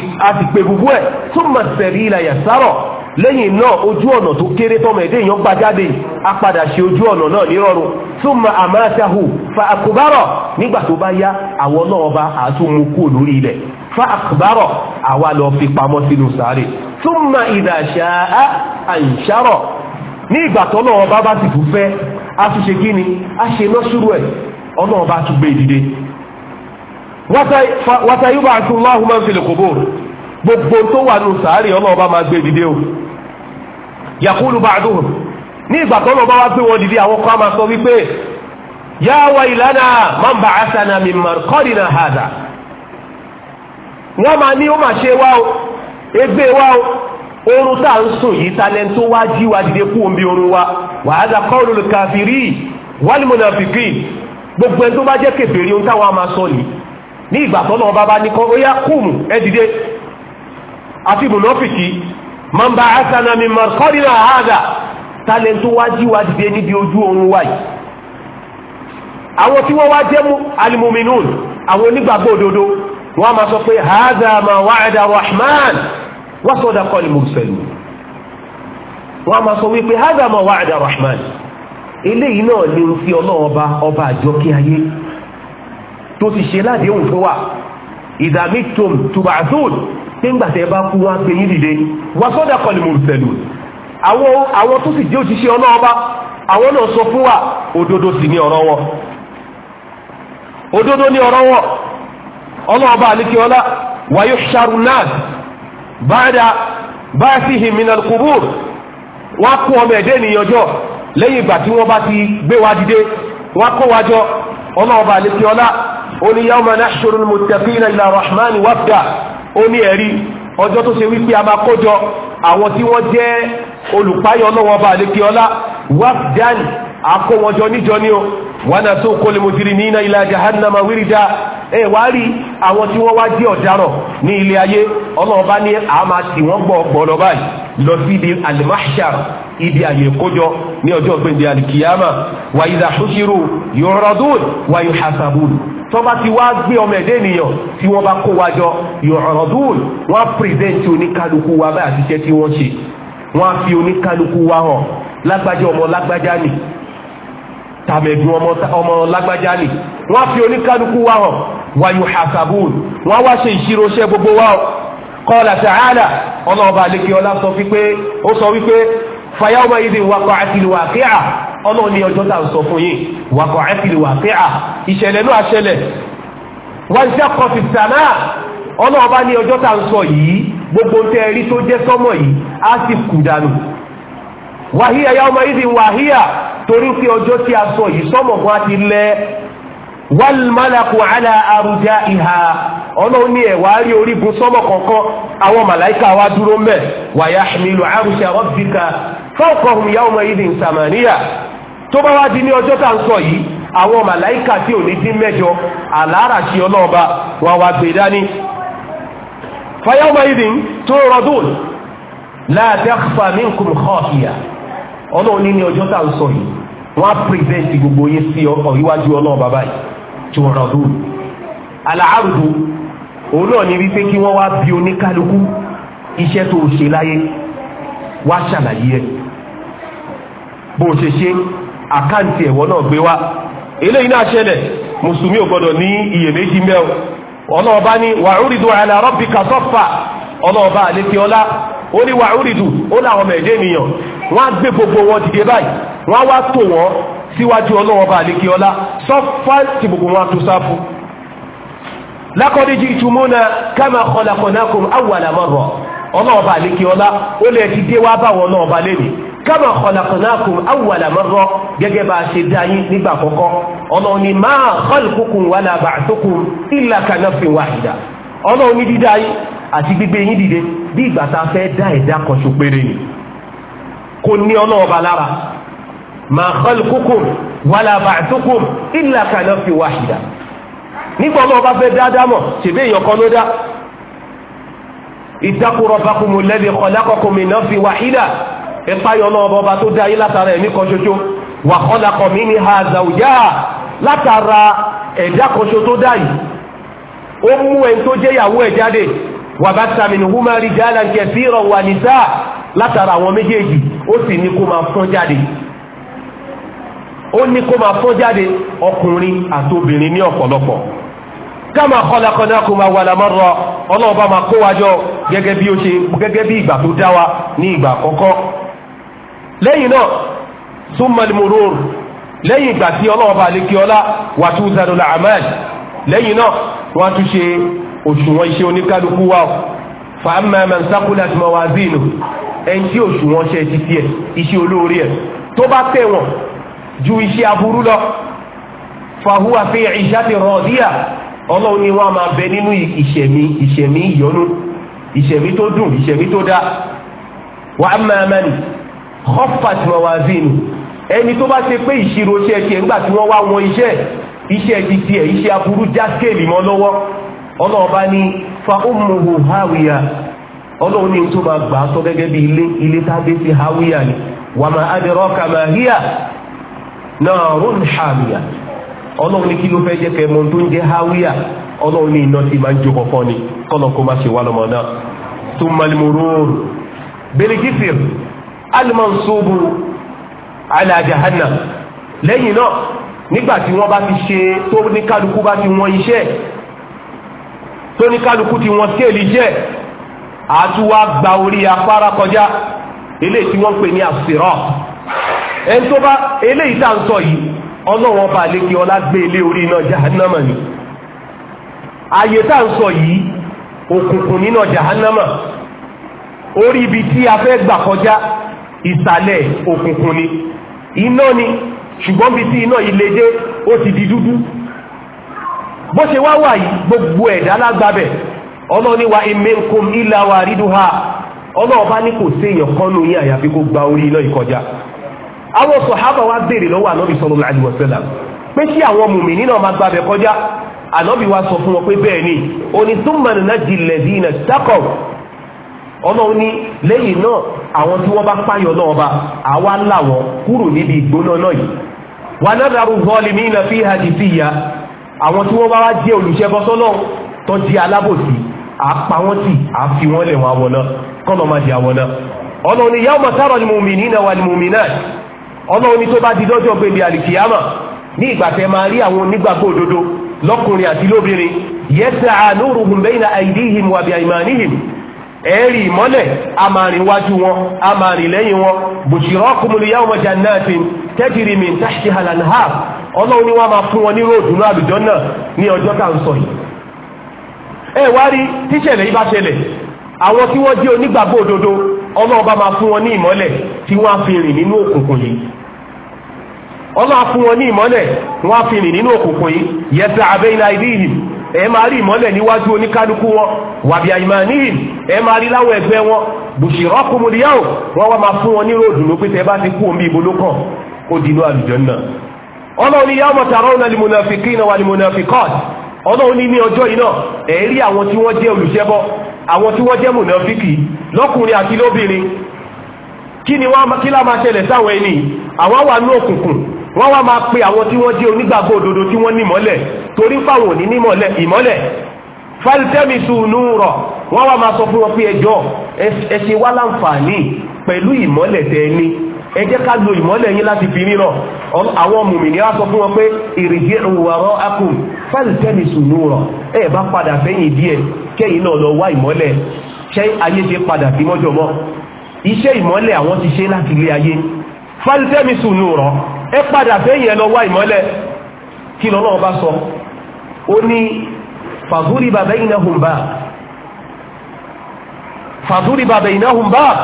pè gbogbo túmọ̀ sẹ̀rí ìlàyà sárọ̀ lẹ́yìn náà ojú ọ̀nà tó kéré tọmọ ẹ̀dẹ́ èèyàn gba jáde apadà ṣe ojú ọ̀nà náà nírọ̀rùn súnmọ́ àmáṣáhù fa àkùbárọ̀ nígbà tó bá yá àwọn náà àtúnmú kú ilẹ̀ fa àkùbárọ̀ àwa lọ fi pamọ́ sínú sáré súnmọ́ ìdàṣà àǹṣárọ̀ ní ìgbà tó bá a tún ṣe kí ni a ṣe náà ẹ̀ ọ̀nà tún gbé ìdìde wàtàyí bá àtúnláhùn máa ń fi lè gbogbo tó wà nù sáré e o yakulu ba'duhum ní ìgbà tó lọ́ba wá pé wọ́n dìde wípé yá wa ìlànà man ba'athana min marqadina hadha wọ́n máa ní ó máa ṣe wá o ẹgbẹ́ e wá o tá à ń sùn yìí wá jí wa dìde kú omi orun gbogbo ẹni tó bá jẹ́ ohun táwọn a máa sọ nìyí ní ìgbà tó lọ́ba ẹ man ba'athana min marqadina hadha talẹ̀ tó wá jí wá dìde níbi ojú oorun wáyé àwọn tí wọ́n wá jẹ́ alimuminun àwọn onígbàgbọ́ òdodo wọ́n á máa sọ pé hadha ma wa'ada rahman wa sadaqa al-mursalun wọ́n á máa sọ wípé hadha ma wa'ada rahman eléyìí náà ni o fi ọlọ́run ọba ọba àjọkí ayé tó ti ṣe ládéhùn fún wa idha tub'athun. pé ńgbà tẹ́ bá kú wọn gbé yín dìde wà sọ́dà kọ́ni mo sẹ̀lù àwọn àwọn tó sì jẹ́ òṣìṣẹ́ ọlọ́ọ̀bá àwọn náà sọ fún wa òdodo sì ní ọ̀rọ̀ wọn òdodo ní ọ̀rọ̀ wọn wàyó báyà kubur wọ́n á ọmọ ẹ̀dẹ́ níyànjọ́ lẹ́yìn ìgbà tí wọ́n bá ti gbé wa dìde kó wa jọ ó ní ẹ̀rí ọjọ́ tó ṣe wípé a máa kójọ àwọn tí wọ́n jẹ́ olùpáyọ̀ ọlọ́wọ́n bá àlekè ọlá wafdan àkó níjọ ni o wọn àti òkòlè ní iná ilà jahannama wírídà ẹ wá rí àwọn tí wọ́n wá jẹ́ ọ̀daràn ní ilé ayé ọlọ́run bá ní àmà tí wọ́n gbọ́ gbọ́dọ̀ báyìí lọ sí ibi alimahshar ibi àyè kójọ ní ọjọ́ gbèndé alikiyama wàyíra ṣúṣírù yọ̀rọ̀dún wàyí hasabun tọ́ba ti wá gbé ọmọ ẹ̀dẹ́ ènìyàn tí wọ́n bá kó wa jọ yọ̀rọ̀dún wọ́n á pírẹ́sẹ̀ntì oníkálukú wa báyìí àṣìṣe tí wọ́n ṣe wọ́n á fi oníkálukú wa hàn lágbájá ọmọ lágbájá nì tàmẹ̀dù ọmọ lágbájá nì wọ́n fi oníkálukú wá hàn wàyù hasabun wọ́n wá ṣe ìṣirò iṣẹ́ gbogbo wá o qala ta'ala ọlọ́ọ̀bà àlekè sọ wípé ó sọ wípé fayawma idhi waqa'atil waqi'a ọlọ́ọ̀ ọjọ́ ń sọ fún ìṣẹ̀lẹ̀ náà ṣẹlẹ̀ wọ́n ṣe gbogbo tẹ ẹrí tó jẹ́ yìí á sì kú dànù torí pé ọjọ́ tí a sọ yìí sọ́mọ̀ kan ti lẹ́ wal malaku ala arújá ìhà ọlọ́run ní ẹ̀wà rí orígun sọ́mọ̀ kankan àwọn màláìka wa dúró mẹ́ wa yahmilu arúṣà rabbika fawqahum yawma idhin samaniya tó bá wá di ní ọjọ́ tá à ń sọ yìí àwọn màláìka tí ò ní dín mẹ́jọ àláràṣí ọlọ́ọ̀ba wà wá gbé dání. fa yawma idhin turradun la takhfa ọlọ́run ní ní ọjọ́ tá à ń sọ yìí wọ́n á present gbogbo yín sí iwájú ọlọ́run bàbá yìí tí wọ́n rọ̀ lóru àlàárùdù òun náà ní wípé kí wọ́n wá bi oníkálukú iṣẹ́ tó o ṣe láyé wá ṣàlàyé ẹ̀ bó o ṣe ṣe àkáǹtì ẹ̀wọ́ náà gbé wá eléyìí náà ṣẹlẹ̀ mùsùlùmí ò gbọ́dọ̀ ní iyèméjì mẹ́ọ̀ ọlọ́ọ̀bá ní wàhúrìdù ó ní wà úrìdù ó láwọn mẹ̀ẹ́dẹ́ ènìyàn wọ́n á gbé gbogbo wọn dìde báyìí wọ́n á wá tò wọ́n síwájú ọlọ́wọ́n bá àlékè ọlá sọ́fà tí gbogbo wọn á tó sáfù. laqad ji'tumuna kama khalaqnakum awwala marra ọlọ́wọ́n bá àlékè ọlá ó lè ti dé wá báwọn ọlọ́wọ́n bá lẹ́nu kama khalaqnakum awwala marra gẹ́gẹ́ bá a ṣe dá yín nígbà àkọ́kọ́ ọlọ́wọ́n ni ma khalqukum wala ba'thukum illa ka nafsin wahida ọlọ́wọ́n ní dídá yín àti gbígbé yín dìde bí ìgbà tá a fẹ́ dá ẹ̀dá kan ṣo péré ni kò ní ọlọ́ọ̀ba lára ma khalqukum wala ba'thukum illa ka nafsin wahida nígbà ọlọ́ọ̀ba fẹ́ dáadáa mọ̀ ṣèbí èèyàn kan ló dá ittaqu rabbakum alladhi khalaqakum min nafsin wahida ìpayọ̀ ọlọ́ọ̀ba ọba tó dá ayé látara ẹ̀mí kan ṣoṣo wa khalaqa minha zawjaha látara ẹ̀dá kan ṣoṣo tó dá yìí ó mú ẹni tó jẹ́yàwó ẹ̀ jáde wàbátà minhuma rijalan kathiran wa nisaa látara àwọn méjèèjì ó sì ní kó máa fọ́n jáde ó ní kó máa fọ́n jáde ọkùnrin àti ní ọ̀pọ̀lọpọ̀ kama khalaqnakum awwala marra ọlọ́run bá máa kó wa jọ gẹ́gẹ́ bí ó ṣe gẹ́gẹ́ bí ìgbà tó dá wa ní ìgbà àkọ́kọ́ lẹ́yìn náà summal murur lẹ́yìn ìgbà tí ọlọ́run lè kí ọlá wàtúzanul a'mal lẹ́yìn náà wọ́n tún ṣe òṣùwọ̀n iṣẹ́ oníkálukú wa o fàámà man sakulat mawazinu ẹni tí òṣùwọ̀n ṣe ti tiẹ̀ iṣẹ́ olóore ẹ̀ tó bá tẹ̀ wọ̀n ju iṣẹ́ aburú lọ fahuwa fi ishati radiya ọlọ́run ni wọ́n á máa bẹ nínú ìṣẹ̀mí ìṣẹ̀mí ìyọnu ìṣẹ̀mí tó dùn ìṣẹ̀mí tó dáa wa amma man khaffat mawazinu ẹni tó bá ṣe pé ìṣirò ṣe tiẹ̀ nígbà tí wọ́n wá wọn iṣẹ́ iṣẹ́ ti tiẹ̀ iṣẹ́ aburú já skéèlì mọ́ lọ́wọ́ ọlọ́ọ̀bá ní fa ummuhu hawiya ọlọ́run ní tó máa gbà á sọ gẹ́gẹ́ bí ilé hawiya ni wama ma ma hiya narun hamiya ọlọ́run ní kí ló fẹ́ jẹ́ kẹ́ mọ́ tó ń jẹ́ hawiya ọlọ́run ní iná máa ń ni kọ́nà kó má ṣe wà lọ́mọ náà lẹ́yìn náà nígbà tí wọ́n bá ti ṣe tó ní kálukú bá tóníkálukú ti wọn séèlì jẹ́ àtúwá gba orí afárá kọjá eléyìí tí wọ́n ń pè ní àsìrọ̀ ẹn tó bá eléyìí tá à ń sọ yìí ọlọ́wọ́n bá lè kí ọlá gbé ilé orí iná jahannama ni ààyè tá à ń sọ yìí òkùnkùn nínú jahannama orí ibi tí a fẹ́ gbà kọjá ìsàlẹ̀ òkùnkùn ni iná ni ṣùgbọ́n bí tí iná yìí lè dé ó ti di dúdú bó ṣe wá wà yìí gbogbo ẹ̀dá lágbàbẹ̀ ọlọ́run ní wa ìmẹ̀kùn ilà wa ní kò sí èèyàn yín àyàfi kó gba orí iná ìkọjá wa béèrè lọ́wọ́ ànábì sallallahu alaihi wasallam pé kí àwọn mùmínì náà máa gbàbẹ̀ kọjá ànábì wa sọ fún wọn pé ni náà dákọ̀ lẹ́yìn náà àwọn tí wọ́n bá náà àwa kúrò níbi ìgbóná náà yìí wà àwọn tí wọ́n bá wá jẹ́ olùṣẹ́bọ sọ́nà tó jẹ́ alábòsí àpá wọn tì á fi wọn lẹ̀ wọn àwọn náà kọ́nà máa jẹ àwọn náà ọlọ́run ni yàwó mọ̀sára ni mu'minina wal mu'minat ọlọ́run ni tó bá di lọ́jọ́ gbèbí àlìkìyàmà ní ìgbà tẹ máa rí àwọn onígbàgbọ́ òdodo lọ́kùnrin àti lóbìnrin yas'a nuruhum bayna aydihim wa bi aymanihim ìmọ́lẹ̀ a wájú wọn a lẹ́yìn wọn bushirakumul yawma jannatin tajri min tahtiha al-anhar ọlọ́run ni wọ́n máa fún wọn ní róòdù ní àlùjọ náà ní ọjọ́ tá à ń sọ yìí. ẹ wá rí tíṣẹ̀lẹ̀ yìí bá ṣẹlẹ̀ àwọn tí wọ́n jẹ́ onígbàgbọ́ òdodo ọlọ́run bá máa fún wọn ní ìmọ́lẹ̀ tí wọ́n á fi rìn nínú òkùnkùn yìí ọlọ́run á fún wọn ní ìmọ́lẹ̀ wọ́n á fi rìn nínú òkùnkùn yìí yẹtẹ àbẹ́yìnlá ìdí ẹ máa rí ìmọ́lẹ̀ níwájú oníkálukú wọn wàbí àyìmánìhìn ẹ máa rí láwọn ẹgbẹ́ wọn bùṣìrọ́kùnmùdíyàwó wọ́n wá máa fún wọn ní ròdùnú pé tẹ́ bá ti kú omi ìbolókàn ó dínú àlùjọ náà ọlọ́run ní yawma tarawna al-munafiqina wal-munafiqat ọlọ́run ní ní ọjọ́ yìí náà ẹ̀rí àwọn tí wọ́n jẹ́ olùṣẹ́bọ àwọn tí wọ́n jẹ́ mùnàfíkì lọ́kùnrin àti lóbìnrin kí ni kí lá máa ṣẹlẹ̀ sáwọn ẹni àwọn wà ní òkùnkùn wọ́n wá máa pe àwọn tí wọ́n jẹ́ onígbàgbọ́ òdodo tí wọ́n nímọ́lẹ̀ torí fáwọn òní nímọ́lẹ̀ ìmọ́lẹ̀ falitẹ́misu nùrọ̀ wọ́n wá máa sọ fún wọn pé ẹjọ́ ẹ ṣe wá láǹfààní ẹ jẹ́ ká lo ìmọ́lẹ̀ yín láti fi ríran àwọn mùmìnì á sọ fún wọn pé irji'u wara'akum faltamisu nura ẹ bá padà fẹ́yìn díẹ̀ kẹ́yìn náà lọ wá ìmọ́lẹ̀ ṣé ayé ṣe padà sí mọ́jọ́ mọ́ iṣẹ́ ìmọ́lẹ̀ àwọn ti ṣe láti ilé ayé faltamisu nura ẹ padà fẹ́yìn ẹ lọ wá ìmọ́lẹ̀ kí lọ́nà ọba sọ ó ní faduriba bainahum bab faduriba bainahum bab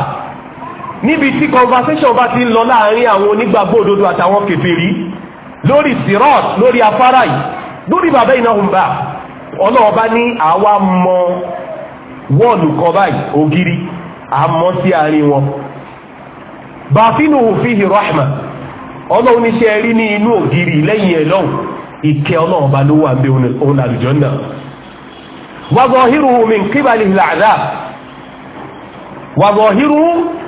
níbi tí conversation bá ti ń lọ láàrin àwọn onígbàgbọ́ òdodo àtàwọn kèfèrí lórí sirat lórí afárá yìí lórí bàbá iná hùmbà ọlọ́ọ̀bá ní àwa mọ wọ́ọ̀lù kan báyìí ògiri àmọ́ sí àárín wọn bàfínù fihi rahma ọlọ́run rí ní inú ògiri lẹ́yìn ẹ̀ lọ́hùn ìkẹ́ ló wà òun àlùjọ náà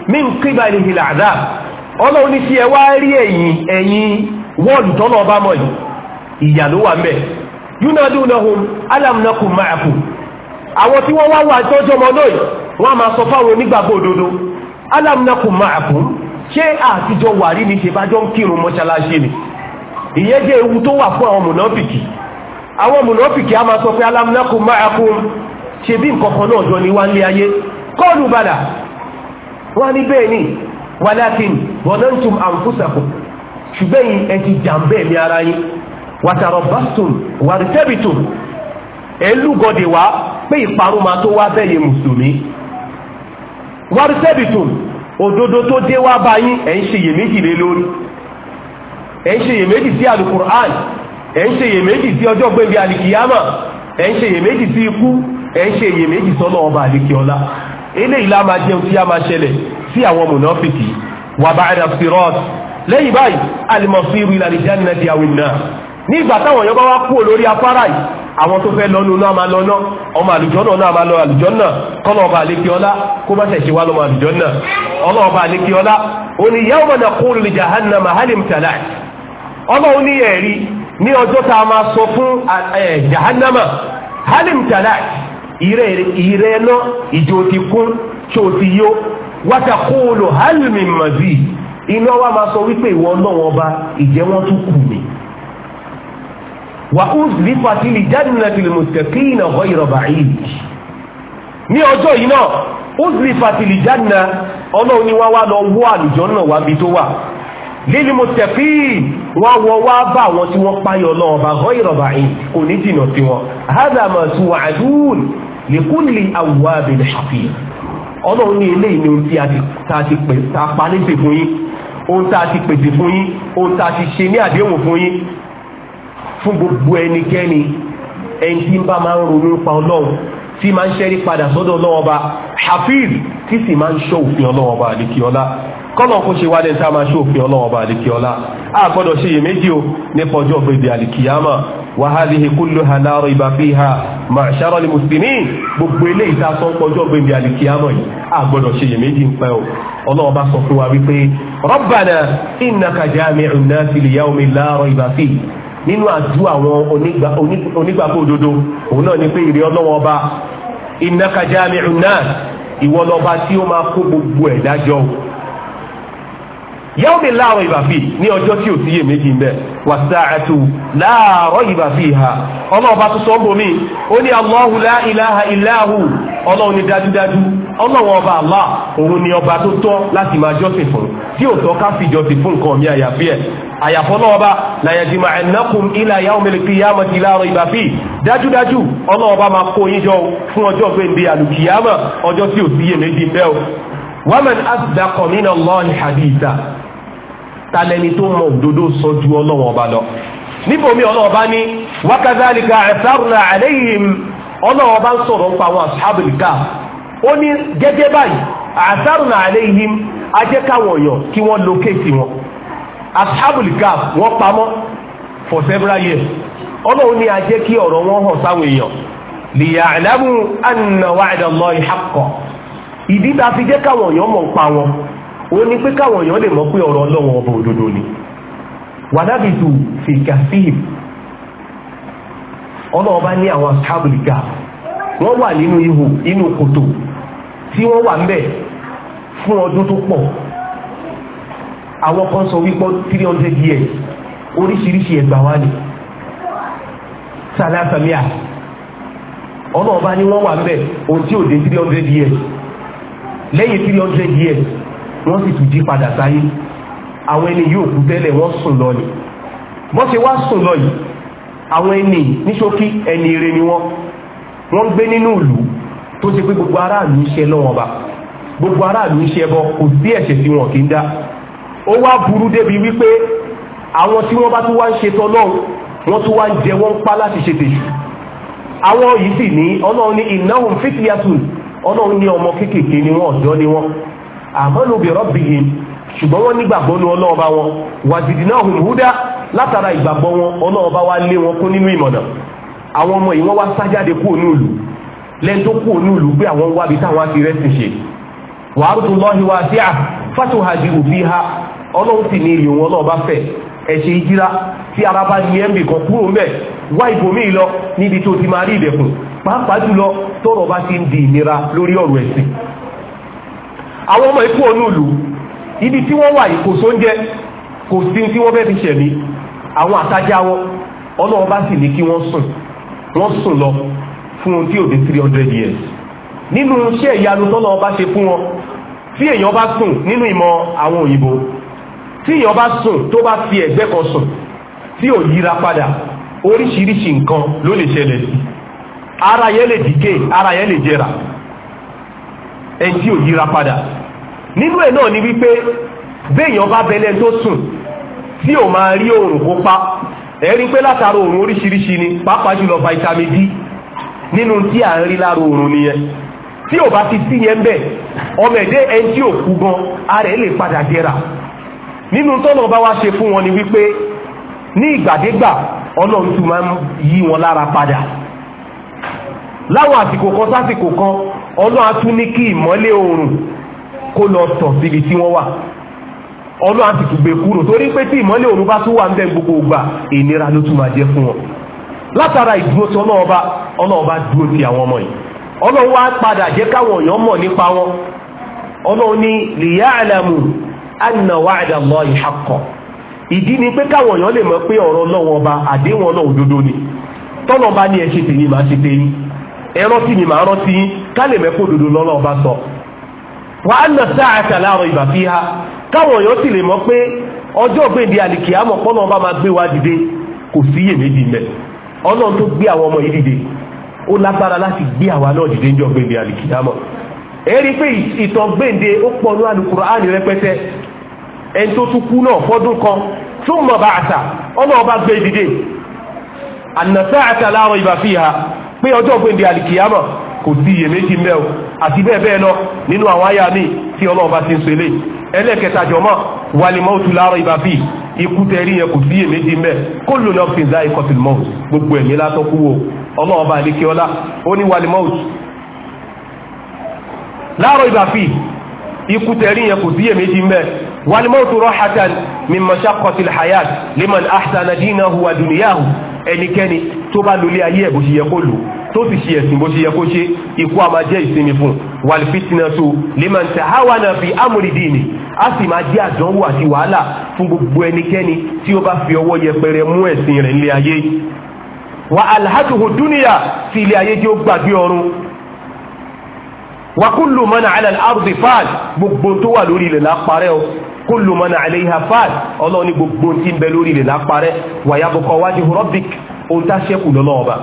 min qibalihil adhab ọlọ́run ní tí ẹ wá rí ẹ̀yìn ẹ̀yìn wọ́ọ̀lù tọ́nà ọba mọ̀ yìí ìyà ló wà mẹ́ yunadunahum alam nakum ma'akum àwọn tí wọ́n wá wà tọ́jọ́ ọmọ náà wọ́n á máa sọ fáwọn onígbàgbọ́ òdodo alam nakum ṣé àtijọ́ wàrí ni ṣe bá jọ ń kírun mọ́ṣáláṣí ni ìyẹn jẹ́ ewu tó wà fún àwọn mùnàfìkì àwọn mùnàfìkì a máa sọ pé alam nakum ṣe bí nǹkan kan náà jọ ní wá ń lé ayé kọ́ọ̀lù wọ́n á ní ni walakin bọ̀nàntùm àǹfùsàkùn ṣùgbọ́n yìí ẹ ti jàǹbẹ́ mi ara yín wàtàrọ̀básùn wàrìtẹ́bìtùn ẹlúgọ̀dẹ̀ wá pé ìparun máa tó wá bẹ́ẹ̀ yẹ mùsùlùmí wàrìtẹ́bìtùn òdodo tó dé wá bá yín ẹ̀ ń ṣèyèméjì lé lórí ẹ̀ ń alikiyama ẹ̀ ń iku sí ikú ẹ̀ ọba alikiola eléyìí la máa jẹun tí a máa ṣẹlẹ̀ sí àwọn mùnàfìkì wà ba'da sirat lẹ́yìn báyìí al-masiru ila al-jannati aw an-nar nígbà táwọn yọba wá kúrò lórí afárá yìí àwọn tó fẹ́ lọ́nu náà máa lọ́nà ọmọ àlùjọ́nà náà máa lọ àlùjọ́nà kọ́nà ọba àlékiọ́lá kó bá tẹ̀sí wá lọ́mọ àlùjọ́nà ọlọ́ọba àlékiọ́lá òní yawma naqulu li jahannama halim talak ọlọ́run ní ẹ̀rí ní ọjọ́ tá a máa sọ fún jahannama halim talak Ire ìrẹ́ náà ìjọ ti kún tí o ti yó wájà kó o lò hálùmí màzì iná wa máa sọ wípé ìwọ náà wọn bá ìjẹ́ wọn tún kù mí. wà á sì fàtìlì jannatil mustaqina ghayra ba'id. ní ọjọ́ yìí náà ó sì fàtìlì janna ọlọ́run ni wá wá lọ wọ́ àlùjọ náà wá bí tó wà lílì mùtẹ̀kì wọn wọ wá bá wọn tí wọ́n páyọ̀ lọ́wọ́ bá gọ́ ìrọ̀bà yìí kò ní jìnnà sí wọn. hádà mà sùn àdúùn lèkúnlè àwọ̀ abẹ̀lẹ̀ ṣàfihàn ọlọ́run ní eléyìí ni tí a ti pè tá a pa nípè fún yín ohun tá a ti pèsè fún yín ohun tá a ti ṣe ní àdéhùn fún yín fún gbogbo ẹnikẹ́ni ẹni tí ń bá máa ń ronú pa ọlọ́run tí máa ń ṣẹ́rí padà sọ́dọ̀ ọlọ́wọ́ bá hafiz tí sì máa ń ṣọ́ òfin ọlọ́wọ́ bá àdékíọ́lá kọ́nà kó ṣe wálé tá a máa ṣọ́ òfin ọlọ́wọ́ bá àdékíọ́lá a gbọ́dọ̀ ṣe iyèméjì o nípa ọjọ́ gbèdé wa hadhihi kulluha la rayba fiha ma'shara al-muslimin gbogbo eléyìí tá a sọ ń pọ́jọ́ gbèndé àlìkíyàmọ̀ yìí a gbọ́dọ̀ ṣe iyèméjì ń pẹ́ o ọlọ́run bá sọ fún wa wípé rabbana innaka jami'u an-nasi li yawmin la rayba fihi nínú àdúrà àwọn onígbàgbọ́ òdodo òun náà ni pé ìrẹ́ ọlọ́wọ́ ọba innaka jami'u an-nas tí ó máa kó gbogbo ẹ̀dájọ́ yóò mi láàrọ̀ ìbà fi ní ọjọ́ tí ò sí iyèméjì ń bẹ wà sáàtù láàrọ̀ ìbà fi ha ọlọ́ọ̀bá tó sọ ń bomi ó ní Allahu la ilaha illahu ọlọ́run ní dájúdájú ọlọ́run ọba Allah òun ni ọba tó tọ́ láti máa jọ́sìn fún tí ò tọ́ ká fi jọ́sìn fún nǹkan mi àyàfi ẹ̀ àyàfọ́lọ́ọba làyàjìmọ̀ ẹ̀nàkùn ilà yaumil qiyamati la rayba fi dájúdájú ọlọ́ọba máa kó yín jọ fún ọjọ́ gbèǹde àlùkìyàmọ̀ ọjọ́ tí ò sí iyèméjì ń bẹ o waman asdaqu min Allahi haditha ta tó mọ òdodo sọ ju ọlọ́wọ́n ọba lọ níbòmí ọlọ́wọ́n ọba ní wakadhalika àtàrùnà àlẹ́yìn ọlọ́wọ́n ọba ń sọ̀rọ̀ ń pa àwọn àṣàbìlìkà ó ní gẹ́gẹ́ báyìí àlẹ́yìn kí wọ́n wọn àṣàbìlìkà for several years ọlọ́run ní ajẹ́ kí ọ̀rọ̀ wọn hàn sáwọn èèyàn ó ni pé káwọn èèyàn lè mọ pé ọ̀rọ̀ ọlọ́wọ́n ọba òdodo ni wàdábìtù fìkà fíìm bá ní àwọn asábìlìkà wọ́n wà nínú ihò inú kòtò tí wọ́n wà fún ọdún tó pọ̀ àwọn kan sọ wípé three hundred years oríṣiríṣi ẹgbà wa ni bá ní wà ńbẹ̀ ohun tí ò dé three hundred years three years. wọ́n sì tún jí padà sáyé àwọn ẹni yóò kú tẹ́lẹ̀ wọ́n sùn lọ ni wọ́n ṣe wá sùn lọ yìí àwọn ẹni ní ṣókí ẹni ire ni wọ́n wọ́n ń gbé nínú ìlú tó ṣe pé gbogbo aráàlú ń ṣe lọ́wọ́n ba gbogbo aráàlú ń ṣe bọ kò sí ẹ̀ṣẹ̀ tí wọn kì í dá ó wá burú débi wípé àwọn tí wọ́n bá tún wá ń ṣe tán náà wọ́n tún wá ń jẹ wọ́n pa láti ṣe tèṣù àwọn yìí sì ní ọlọ́run ní ìnáhùn fíkìyàtù ọlọ́run ní ọmọ kéékèèké ni wọ́n ọ̀dọ́ ni wọ́n amanu bi rabbihim ṣùgbọ́n wọ́n nígbàgbọ́ nu ọlọ́ọ̀ba wọn wazidnahum huda látara ìgbàgbọ́ wọn ọlọ́ọ̀ba wa lé wọn kún nínú ìmọ̀nà àwọn ọmọ yìí wọ́n wá sájáde kúrò ní ìlú lẹ́yìn tó kúrò ní ìlú pé àwọn wábi táwọn á ti rẹ́sìn ṣe wa ardullahi wasi'a fatuhajiru fiha ọlọ́run sì ní ìlú wọn ọlọ́ọ̀ba fẹ̀ ẹ̀ṣẹ̀ ìjìra tí ara bá ní ẹ̀ ń bìkan kúrò mẹ́ wá ibòmíì lọ níbi tó ti máa rí ìdẹ̀kùn pàápàá jùlọ tọ́rọ̀ bá ti ń di ìnira lórí ọ̀rọ̀ ẹ̀sìn àwọn ọmọ ikú onúlù ibi tí wọ́n wà yìí kò sóúnjẹ kò sí tí wọ́n fẹ́ fi ṣẹ̀mí àwọn àtajà wọn ọlọ́wọ́ bá sì ní kí wọ́n sùn wọ́n sùn lọ fún ohun tí ò dé three hundred years nínú iṣẹ́ ìyanu tọ́lọ́wọ́ bá ṣe fún wọn tí èèyàn bá sùn nínú ìmọ̀ àwọn òyìnbó tí èèyàn bá sùn tó bá fi ẹ̀gbẹ́ kan sùn tí ò yíra padà oríṣiríṣi nǹkan ló lè ṣẹlẹ̀ sí ara yẹn lè dìke ara yẹn lè jẹrà ẹni tí ò yíra padà nínú ẹ̀ náà ni wípé béèyàn bá bẹlẹ̀ tó sùn tí ò máa rí oòrùn kó pa ẹ̀rí pé látara oòrùn oríṣiríṣi ni pàápàá jùlọ vitamin D nínú tí à ń rí lára oòrùn nìyẹn tí ò bá ti sí yẹn bẹ́ẹ̀ ọmọ ẹ̀dẹ́ ẹni ò kú gan ara ẹ̀ lè padà jẹrà nínú tọ́nà bá wá ṣe fún wọn ni wípé ní ìgbàdégbà ọlọ́run tún máa ń yí wọn lára padà láwọn àsìkò kan sásìkò kan ọlọ́run á tún ní kí oòrùn kó lọ tọ̀ síbi tí wọ́n wà ọlọ́run á e kúrò torí pé tí oòrùn bá tún wà gbogbo ìgbà ìnira ló tún máa jẹ́ fún wọn ìdúró tí ọlọ́run bá àwọn ọmọ yìí ọlọ́run wá padà jẹ́ mọ̀ nípa wọn ọlọ́run ní ìdí ni pé káwọn lè mọ̀ pé ọ̀rọ̀ ọlọ́run ẹ rántí mi màá rántí yín ká lè mẹ́kó dodo lọ́nà ọba sọ. wà á nà sáà àtàlà àrùn ìbà fi ha káwọn èèyàn sì lè mọ̀ pé ọjọ́ gbèdé àlìkìyàmọ̀ pọ́nà ọba máa gbé wa dìde kò sí iyèméjì mẹ́ ọlọ́run tó gbé àwọn ọmọ yìí dìde ó lágbára láti gbé àwa náà dìde ń jọ ẹ rí i pé ìtàn ó rẹpẹtẹ ẹni tó tún kú náà kan fi ha pé ọjọ́ gbèndé àlìkìyàmọ̀ kò sí iyèméjì mbẹ́ o àti bẹ́ẹ̀ bẹ́ẹ̀ lọ nínú àwọn àyà mi tí ọlọ́run bá ti ń sọ eléyìí ẹlẹ́kẹta jọmọ́ wàlímọ́ òtún láàárọ̀ ibà bíi ikú tẹ̀rí yẹn kò sí iyèméjì mbẹ́ kó lò náà fi ń dá ikọ̀ tìlmọ́ gbogbo ẹ̀mí látọ́ kú wo ọlọ́run bá àlekè ọlá ó ní wàlímọ́ òtún láàárọ̀ ibà bíi ikú tẹ̀rí yẹn kò sí iyèméjì mbẹ́ wàlímọ́ òtún rọ́hátán min ẹnikẹ́ni tó bá lólé ayé ẹ̀ bó ṣe yẹ kó lò tó sì ṣe ẹ̀sìn bó ṣe yẹ kó ṣe ikú a máa jẹ́ ìsinmi fún wal fitnatu liman tahawana fi amri dini a sì máa jẹ́ àdánwò àti wàhálà fún gbogbo ẹnikẹ́ni tí ó bá fi ọwọ́ yẹpẹrẹ mú ẹ̀sìn rẹ̀ nílé ayé wa alhaduhu duniya ti ilé ayé jẹ́ ó gbàgbé ọ̀run wa kullu man ala al gbogbo tó wà lórí ilẹ̀ lápárẹ́ kullu man alayha fan ọlọ́run ní gbogbo tí ń bẹ lórí rẹ̀ lápárẹ́ wa yabqa wajhu rabbik ohun tá ṣẹ́kù lọ́lọ́ ọba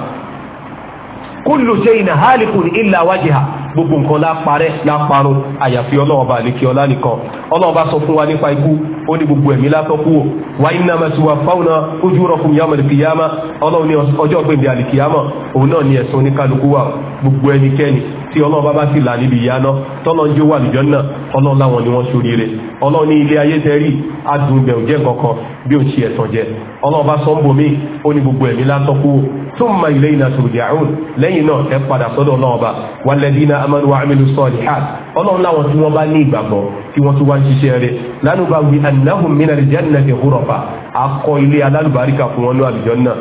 kullu shay'in halikun illa wajha gbogbo nǹkan láparẹ́ láparun àyàfi ọlọ́run ọba àlekí ọlá nìkan ọlọ́run bá sọ fún wa nípa ikú ó ní gbogbo ẹ̀mí látọ́ kú wò wa innama tuwaffawna ujurakum yawmal qiyamah ọlọ́run ní ọjọ́ gbèǹdé àlekíyàmà òun náà ní ẹ̀san oníkálukú wa gbogbo ẹnikẹ́ni tí ọlọ́run bá bá sì là níbi ìyáná tọ́lọ́ ń jó wà lùjọ́ náà ọlọ́run láwọn ni wọ́n ṣoríire ọlọ́run ní ilé ayé tẹ́ rí adùnbẹ̀ òjẹ́ kankan bí ó ṣe ẹ̀tàn jẹ ọlọ́run bá sọ ń bomi ó ní gbogbo ẹ̀mí látọ́kú tó ń ma ilé iná tòrìdìàrún lẹ́yìn náà ẹ padà sọ́dọ̀ ọlọ́run bá walladina amanu wa amilu salihat ọlọ́run láwọn tí wọ́n bá ní ìgbàgbọ́ tí wọ́n tún wá ń ṣiṣẹ́ rẹ̀ lánàá wí annahum min aljannati ghurafa akọ ilé alálùbáríkà fún wọn ní àlùjọ náà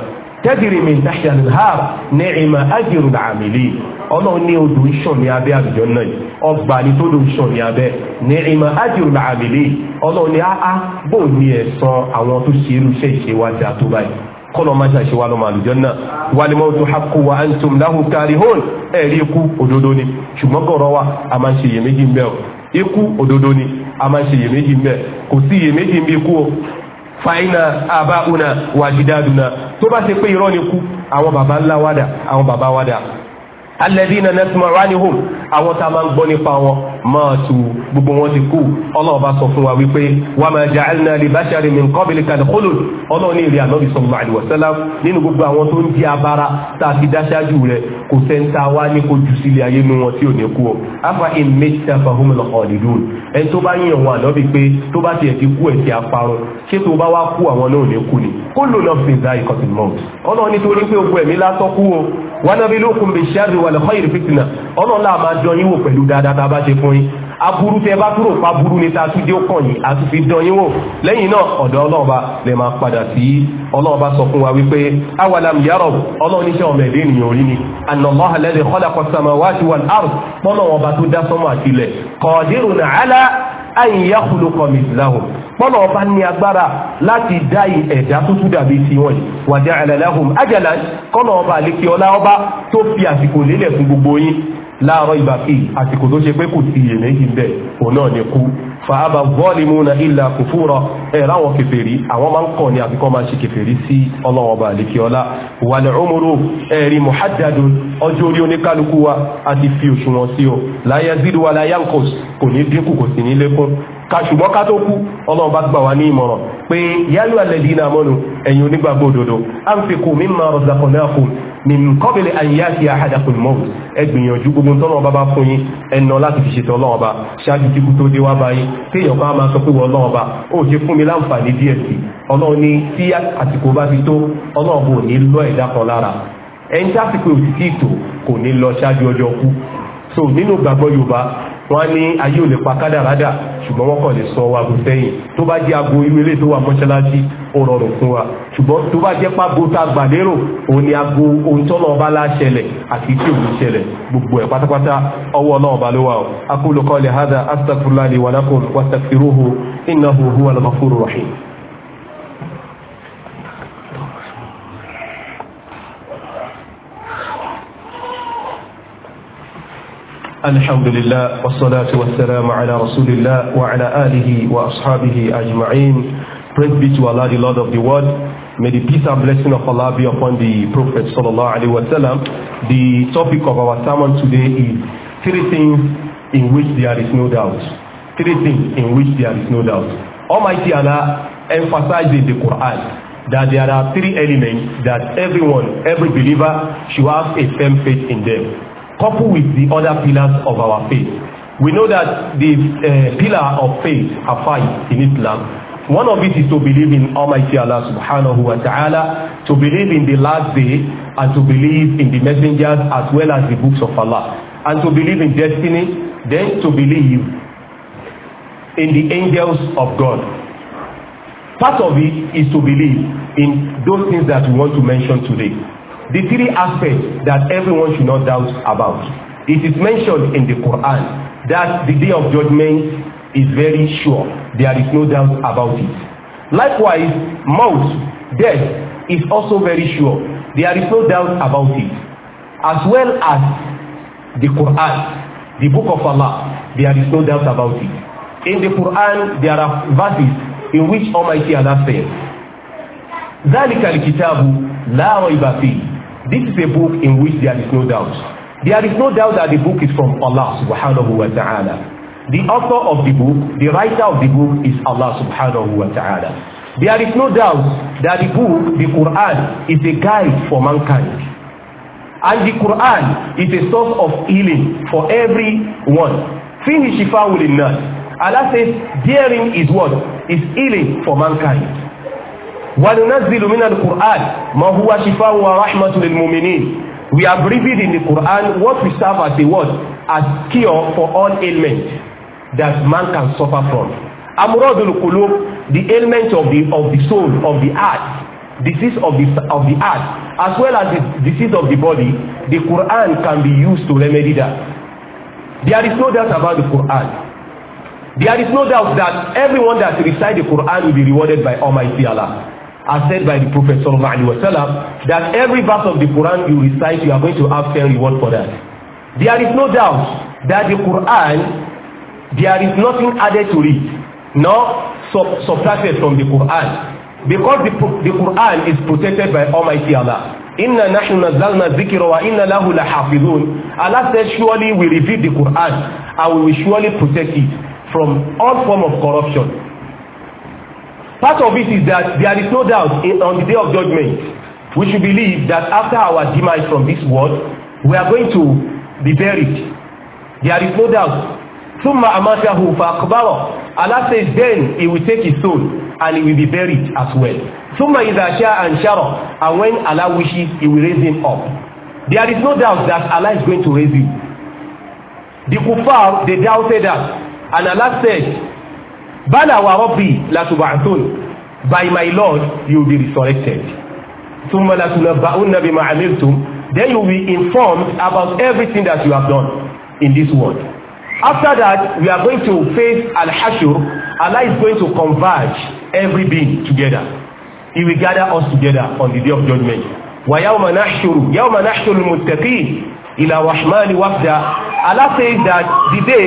tẹ́gìrì mi ń dáṣẹ́ àlùhàr ní ìmọ̀ ajrul amilin ọlọ́run ní odò ìṣàn ní abẹ́ àlùjọ náà yìí ọgbà ní tó dò ìṣàn ní abẹ́ ní ìmọ̀ ájìrò làmìlì ọlọ́run ní áá bò ní ẹ̀san àwọn tó ṣe irú iṣẹ́ ìṣe wa ti àtó báyìí kọ́nà máa ṣàṣe wa lọ́mọ àlùjọ náà wàlímọ́ tó hakó wa antum lahu karihun ẹ̀rí ikú òdodo ni ṣùgbọ́n gọ̀rọ̀ wa a máa ń ṣe iyèméjì ń bẹ o ikú òdodo ni a máa ń ṣe iyèméjì ń bẹ kò sí iyèméjì ń bí ikú o fàáyínà àbáhùnà wàjídádùnà tó bá ṣe pé irọ́ ni kú àwọn bàbá ńlá wádà àwọn bàbá wádà alẹ́dínà nẹ́sùmọ̀ ránihùn àwọn tá a máa ń gbọ́ nípa wọn máa tu gbogbo wọn ti kú ọlọ́run bá sọ fún wa wípé wà máa jẹ́ alina libashari min kọ́bìlì kan kólò ọlọ́run ní ìrìn ànábì sọ̀rọ̀ àdìwọ̀sẹ́lá nínú gbogbo àwọn tó ń di abara tá a ti dáṣáájú rẹ̀ kò sẹ́ńtà wá ní kó jù sílé ayé nu wọn tí ò ní kú ọ. afa in mẹ́ta fahumul khalidun ẹ tó bá yàn wọn ànábì pé tó bá tiẹ̀ ti kú ẹ̀ ti aparun ṣé tó bá wá kú àwọn náà ní kú ni kólò náà fi ń dá ìkọ̀sìn mọ́ọ̀t ọlọ́run nítorí pé ogun ẹ̀mí lásán kú o wọn náà bí lókun bí ṣáàdùwà wal khayri fitna ọlọ́run láà máa dán yín wò pẹ̀lú dáadáa tá a bá ṣe fún yín aburú tẹ bá kúrò pa burú ni tá a tún dé ó kàn yín a tún fi dán yín wò lẹ́yìn náà ọ̀dọ̀ ọlọ́ọ̀ba lè máa padà sí ọlọ́ọ̀ba sọ fún wa wípé awalam yaraw ọlọ́run níṣẹ́ ọmọ ẹ̀dẹ́ ènìyàn rí ni anallaha alladhi khalaqa samawati wal ard pọ́nà ọba tó dá sọ́mọ́ àtìlẹ̀ qadirun ala àyìnyá kulukọ mìtìláhùn pọlọ ọba ní agbára láti dá ẹ̀dá tuntun dàbí tiwọn wàjà àlàláhùn àjàlá kọlọ ọba àlekè ọlá ọba tó fi àsìkò lélẹ̀ fún gbogbo yín láàárọ̀ ìbàkì àsìkò tó ṣe pé kò sí iyèméjì bẹ́ẹ̀ òun náà ní kú fàábà zalimuna illa kufura ẹ̀rọ àwọn kèfèrí àwọn máa ń kọ̀ ní àbíkọ́ máa ṣe kèfèrí sí ọlọ́wọ́n ọba àlekíọ́lá wal umru ẹ̀rí muhaddadun ọjọ́ orí oníkálukú wa àti fi òṣùwọ̀n sí ọ la yazidu wala yanqus kò ní dínkù kò sì ní lékún kàṣùgbọ́n ká tó kú ọlọ́run gbà wá ní ìmọ̀ràn pé yálù alladhina amanu ẹ̀yin onígbàgbọ́ òdodo anfiqu mimma razaqnakum min qabli an ya'ti ahadakum al-mawt ẹ gbìyànjú gbogbo tọ́nà ọba bá fún yín ẹnà láti fi ṣètò ọlọ́run ọba ṣáájú tí kú tó dé wá báyìí téèyàn kan máa sọ pé wọ́n ọlọ́run ọba ó ṣe fún mi láǹfààní díẹ̀ ọlọ́run ní tí àsìkò bá fi tó ọlọ́run kò ní lọ ẹ̀dá kan lára ẹni tí àsìkò òtítì ìtò kò ní lọ ṣáájú ọjọ́ kú so nínú gbàgbọ́ yorùbá wọ́n á ní ayé ò lè pa kádàrádà ṣùgbọ́n kàn lè sọ wa gùn sẹ́yìn tó bá jẹ́ aago irú eléyìí tó wà mọ́ṣáláṣí ó fún wa ṣùgbọ́n tó bá jẹ́ pàgó tá a gbà lérò òun ni aago ohun tó lọ́ọ́ bá ṣẹlẹ̀ àti tí òun ṣẹlẹ̀ gbogbo ẹ̀ pátápátá ọwọ́ ló wà o الحمد لله والصلاة والسلام على رسول الله وعلى آله وأصحابه أجمعين Praise be to Allah, the Lord of the world. May the peace and blessing of Allah be upon the Prophet sallallahu alaihi wasallam. The topic of our sermon today is three things in which there is no doubt. Three things in which there is no doubt. Almighty Allah emphasizes in the Quran that there are three elements that everyone, every believer should have a firm faith in them coupled with the other pillars of our faith. We know that the uh, pillar of faith are five in Islam. One of it is to believe in Almighty Allah subhanahu wa ta'ala, to believe in the last day, and to believe in the messengers as well as the books of Allah, and to believe in destiny, then to believe in the angels of God. Part of it is to believe in those things that we want to mention today the three aspects that everyone should not doubt about. It is mentioned in the Quran that the day of judgment is very sure. There is no doubt about it. Likewise, mouth, death is also very sure. There is no doubt about it. As well as the Quran, the book of Allah, there is no doubt about it. In the Quran, there are verses in which Almighty Allah says, ذلك الكتاب لا ريب فيه This is a book in which there is no doubt. There is no doubt that the book is from Allah subhanahu wa ta'ala. The author of the book, the writer of the book is Allah subhanahu wa ta'ala. There is no doubt that the book, the Quran, is a guide for mankind. And the Quran is a source of healing for everyone. Fihi shifa nas. Allah says, therein is what? Is healing for mankind. وَنُنَزِّلُ مِنَ الْقُرْآنِ مَا هُوَ شِفَاءٌ وَرَحْمَةٌ لِلْمُؤْمِنِينَ We are breathing in the Quran what we serve as a word as cure for all ailments that man can suffer from. Amuradul Qulub, the ailment of the of the soul, of the heart, disease of the of the heart, as well as the disease of the body, the Quran can be used to remedy that. There is no doubt about the Quran. There is no doubt that everyone that recites the Quran will be rewarded by Almighty Allah as said by the Prophet sallallahu alaihi wasallam that every verse of the Quran you recite you are going to have fair reward for that there is no doubt that the Quran there is nothing added to it nor sub subtracted from the Quran because the, the Quran is protected by Almighty Allah inna nahnu nazzalna dhikra wa inna lahu La lahafizun Allah said surely we reveal the Quran and we will surely protect it from all form of corruption Part of it is that there is no doubt in, on the day of judgment, we should believe that after our demise from this world, we are going to be buried. There is no doubt. Summa amatahu faqbara. Allah says then he will take his soul and he will be buried as well. Summa idha sha'a anshara. And when Allah wishes, he will raise him up. There is no doubt that Allah is going to raise you. The kuffar, they doubted that. And Allah said, bala wa rabbi latubaatun by my lord you will be resurrected thumma latunabbauna bima amiltum then you will be informed about everything that you have done in this world after that we are going to face al-hashur Allah is going to converge every being together he will gather us together on the day of judgment wa yawma nahshuru yawma nahshuru al-muttaqin ila rahmani wafda Allah says that the day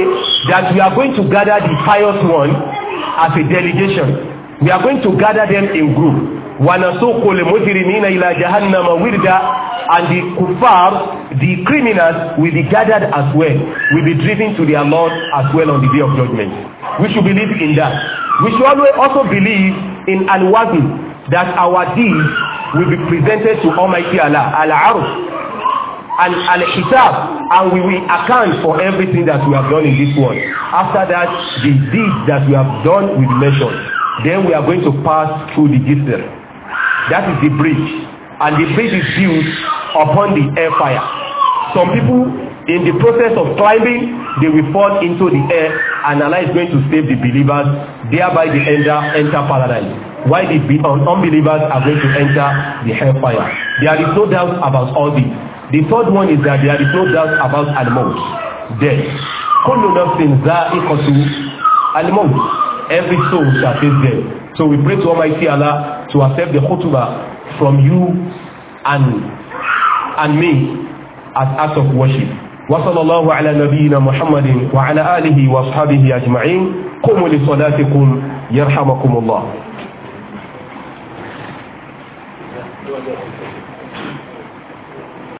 that we are going to gather the pious one as a delegation. We are going to gather them in group. ونسوق المجرمين إلى جهنم وردا and the kuffar, the criminals will be gathered as well, will be driven to their Lord as well on the day of judgment. We should believe in that. We should always also believe in al-wazn, that our deeds will be presented to Almighty Allah, Al-Arf, and al-hisab and we will account for everything that we have done in this world after that the deeds that we have done will be mentioned then we are going to pass through the gifter that is the bridge and the bridge is built upon the air fire some people in the process of climbing they will fall into the air and Allah is going to save the believers thereby they enter enter paradise while the unbelievers are going to enter the hellfire there is no doubt about all this The third one is that there is no doubt about animals, al-maut, death. Kullu nafsin dha'iqatu to animals. Every soul shall face death. So we pray to Almighty Allah to accept the khutbah from you and and me as acts of worship. وصلى الله على نبينا محمد وعلى آله وأصحابه أجمعين قوموا لصلاتكم يرحمكم الله.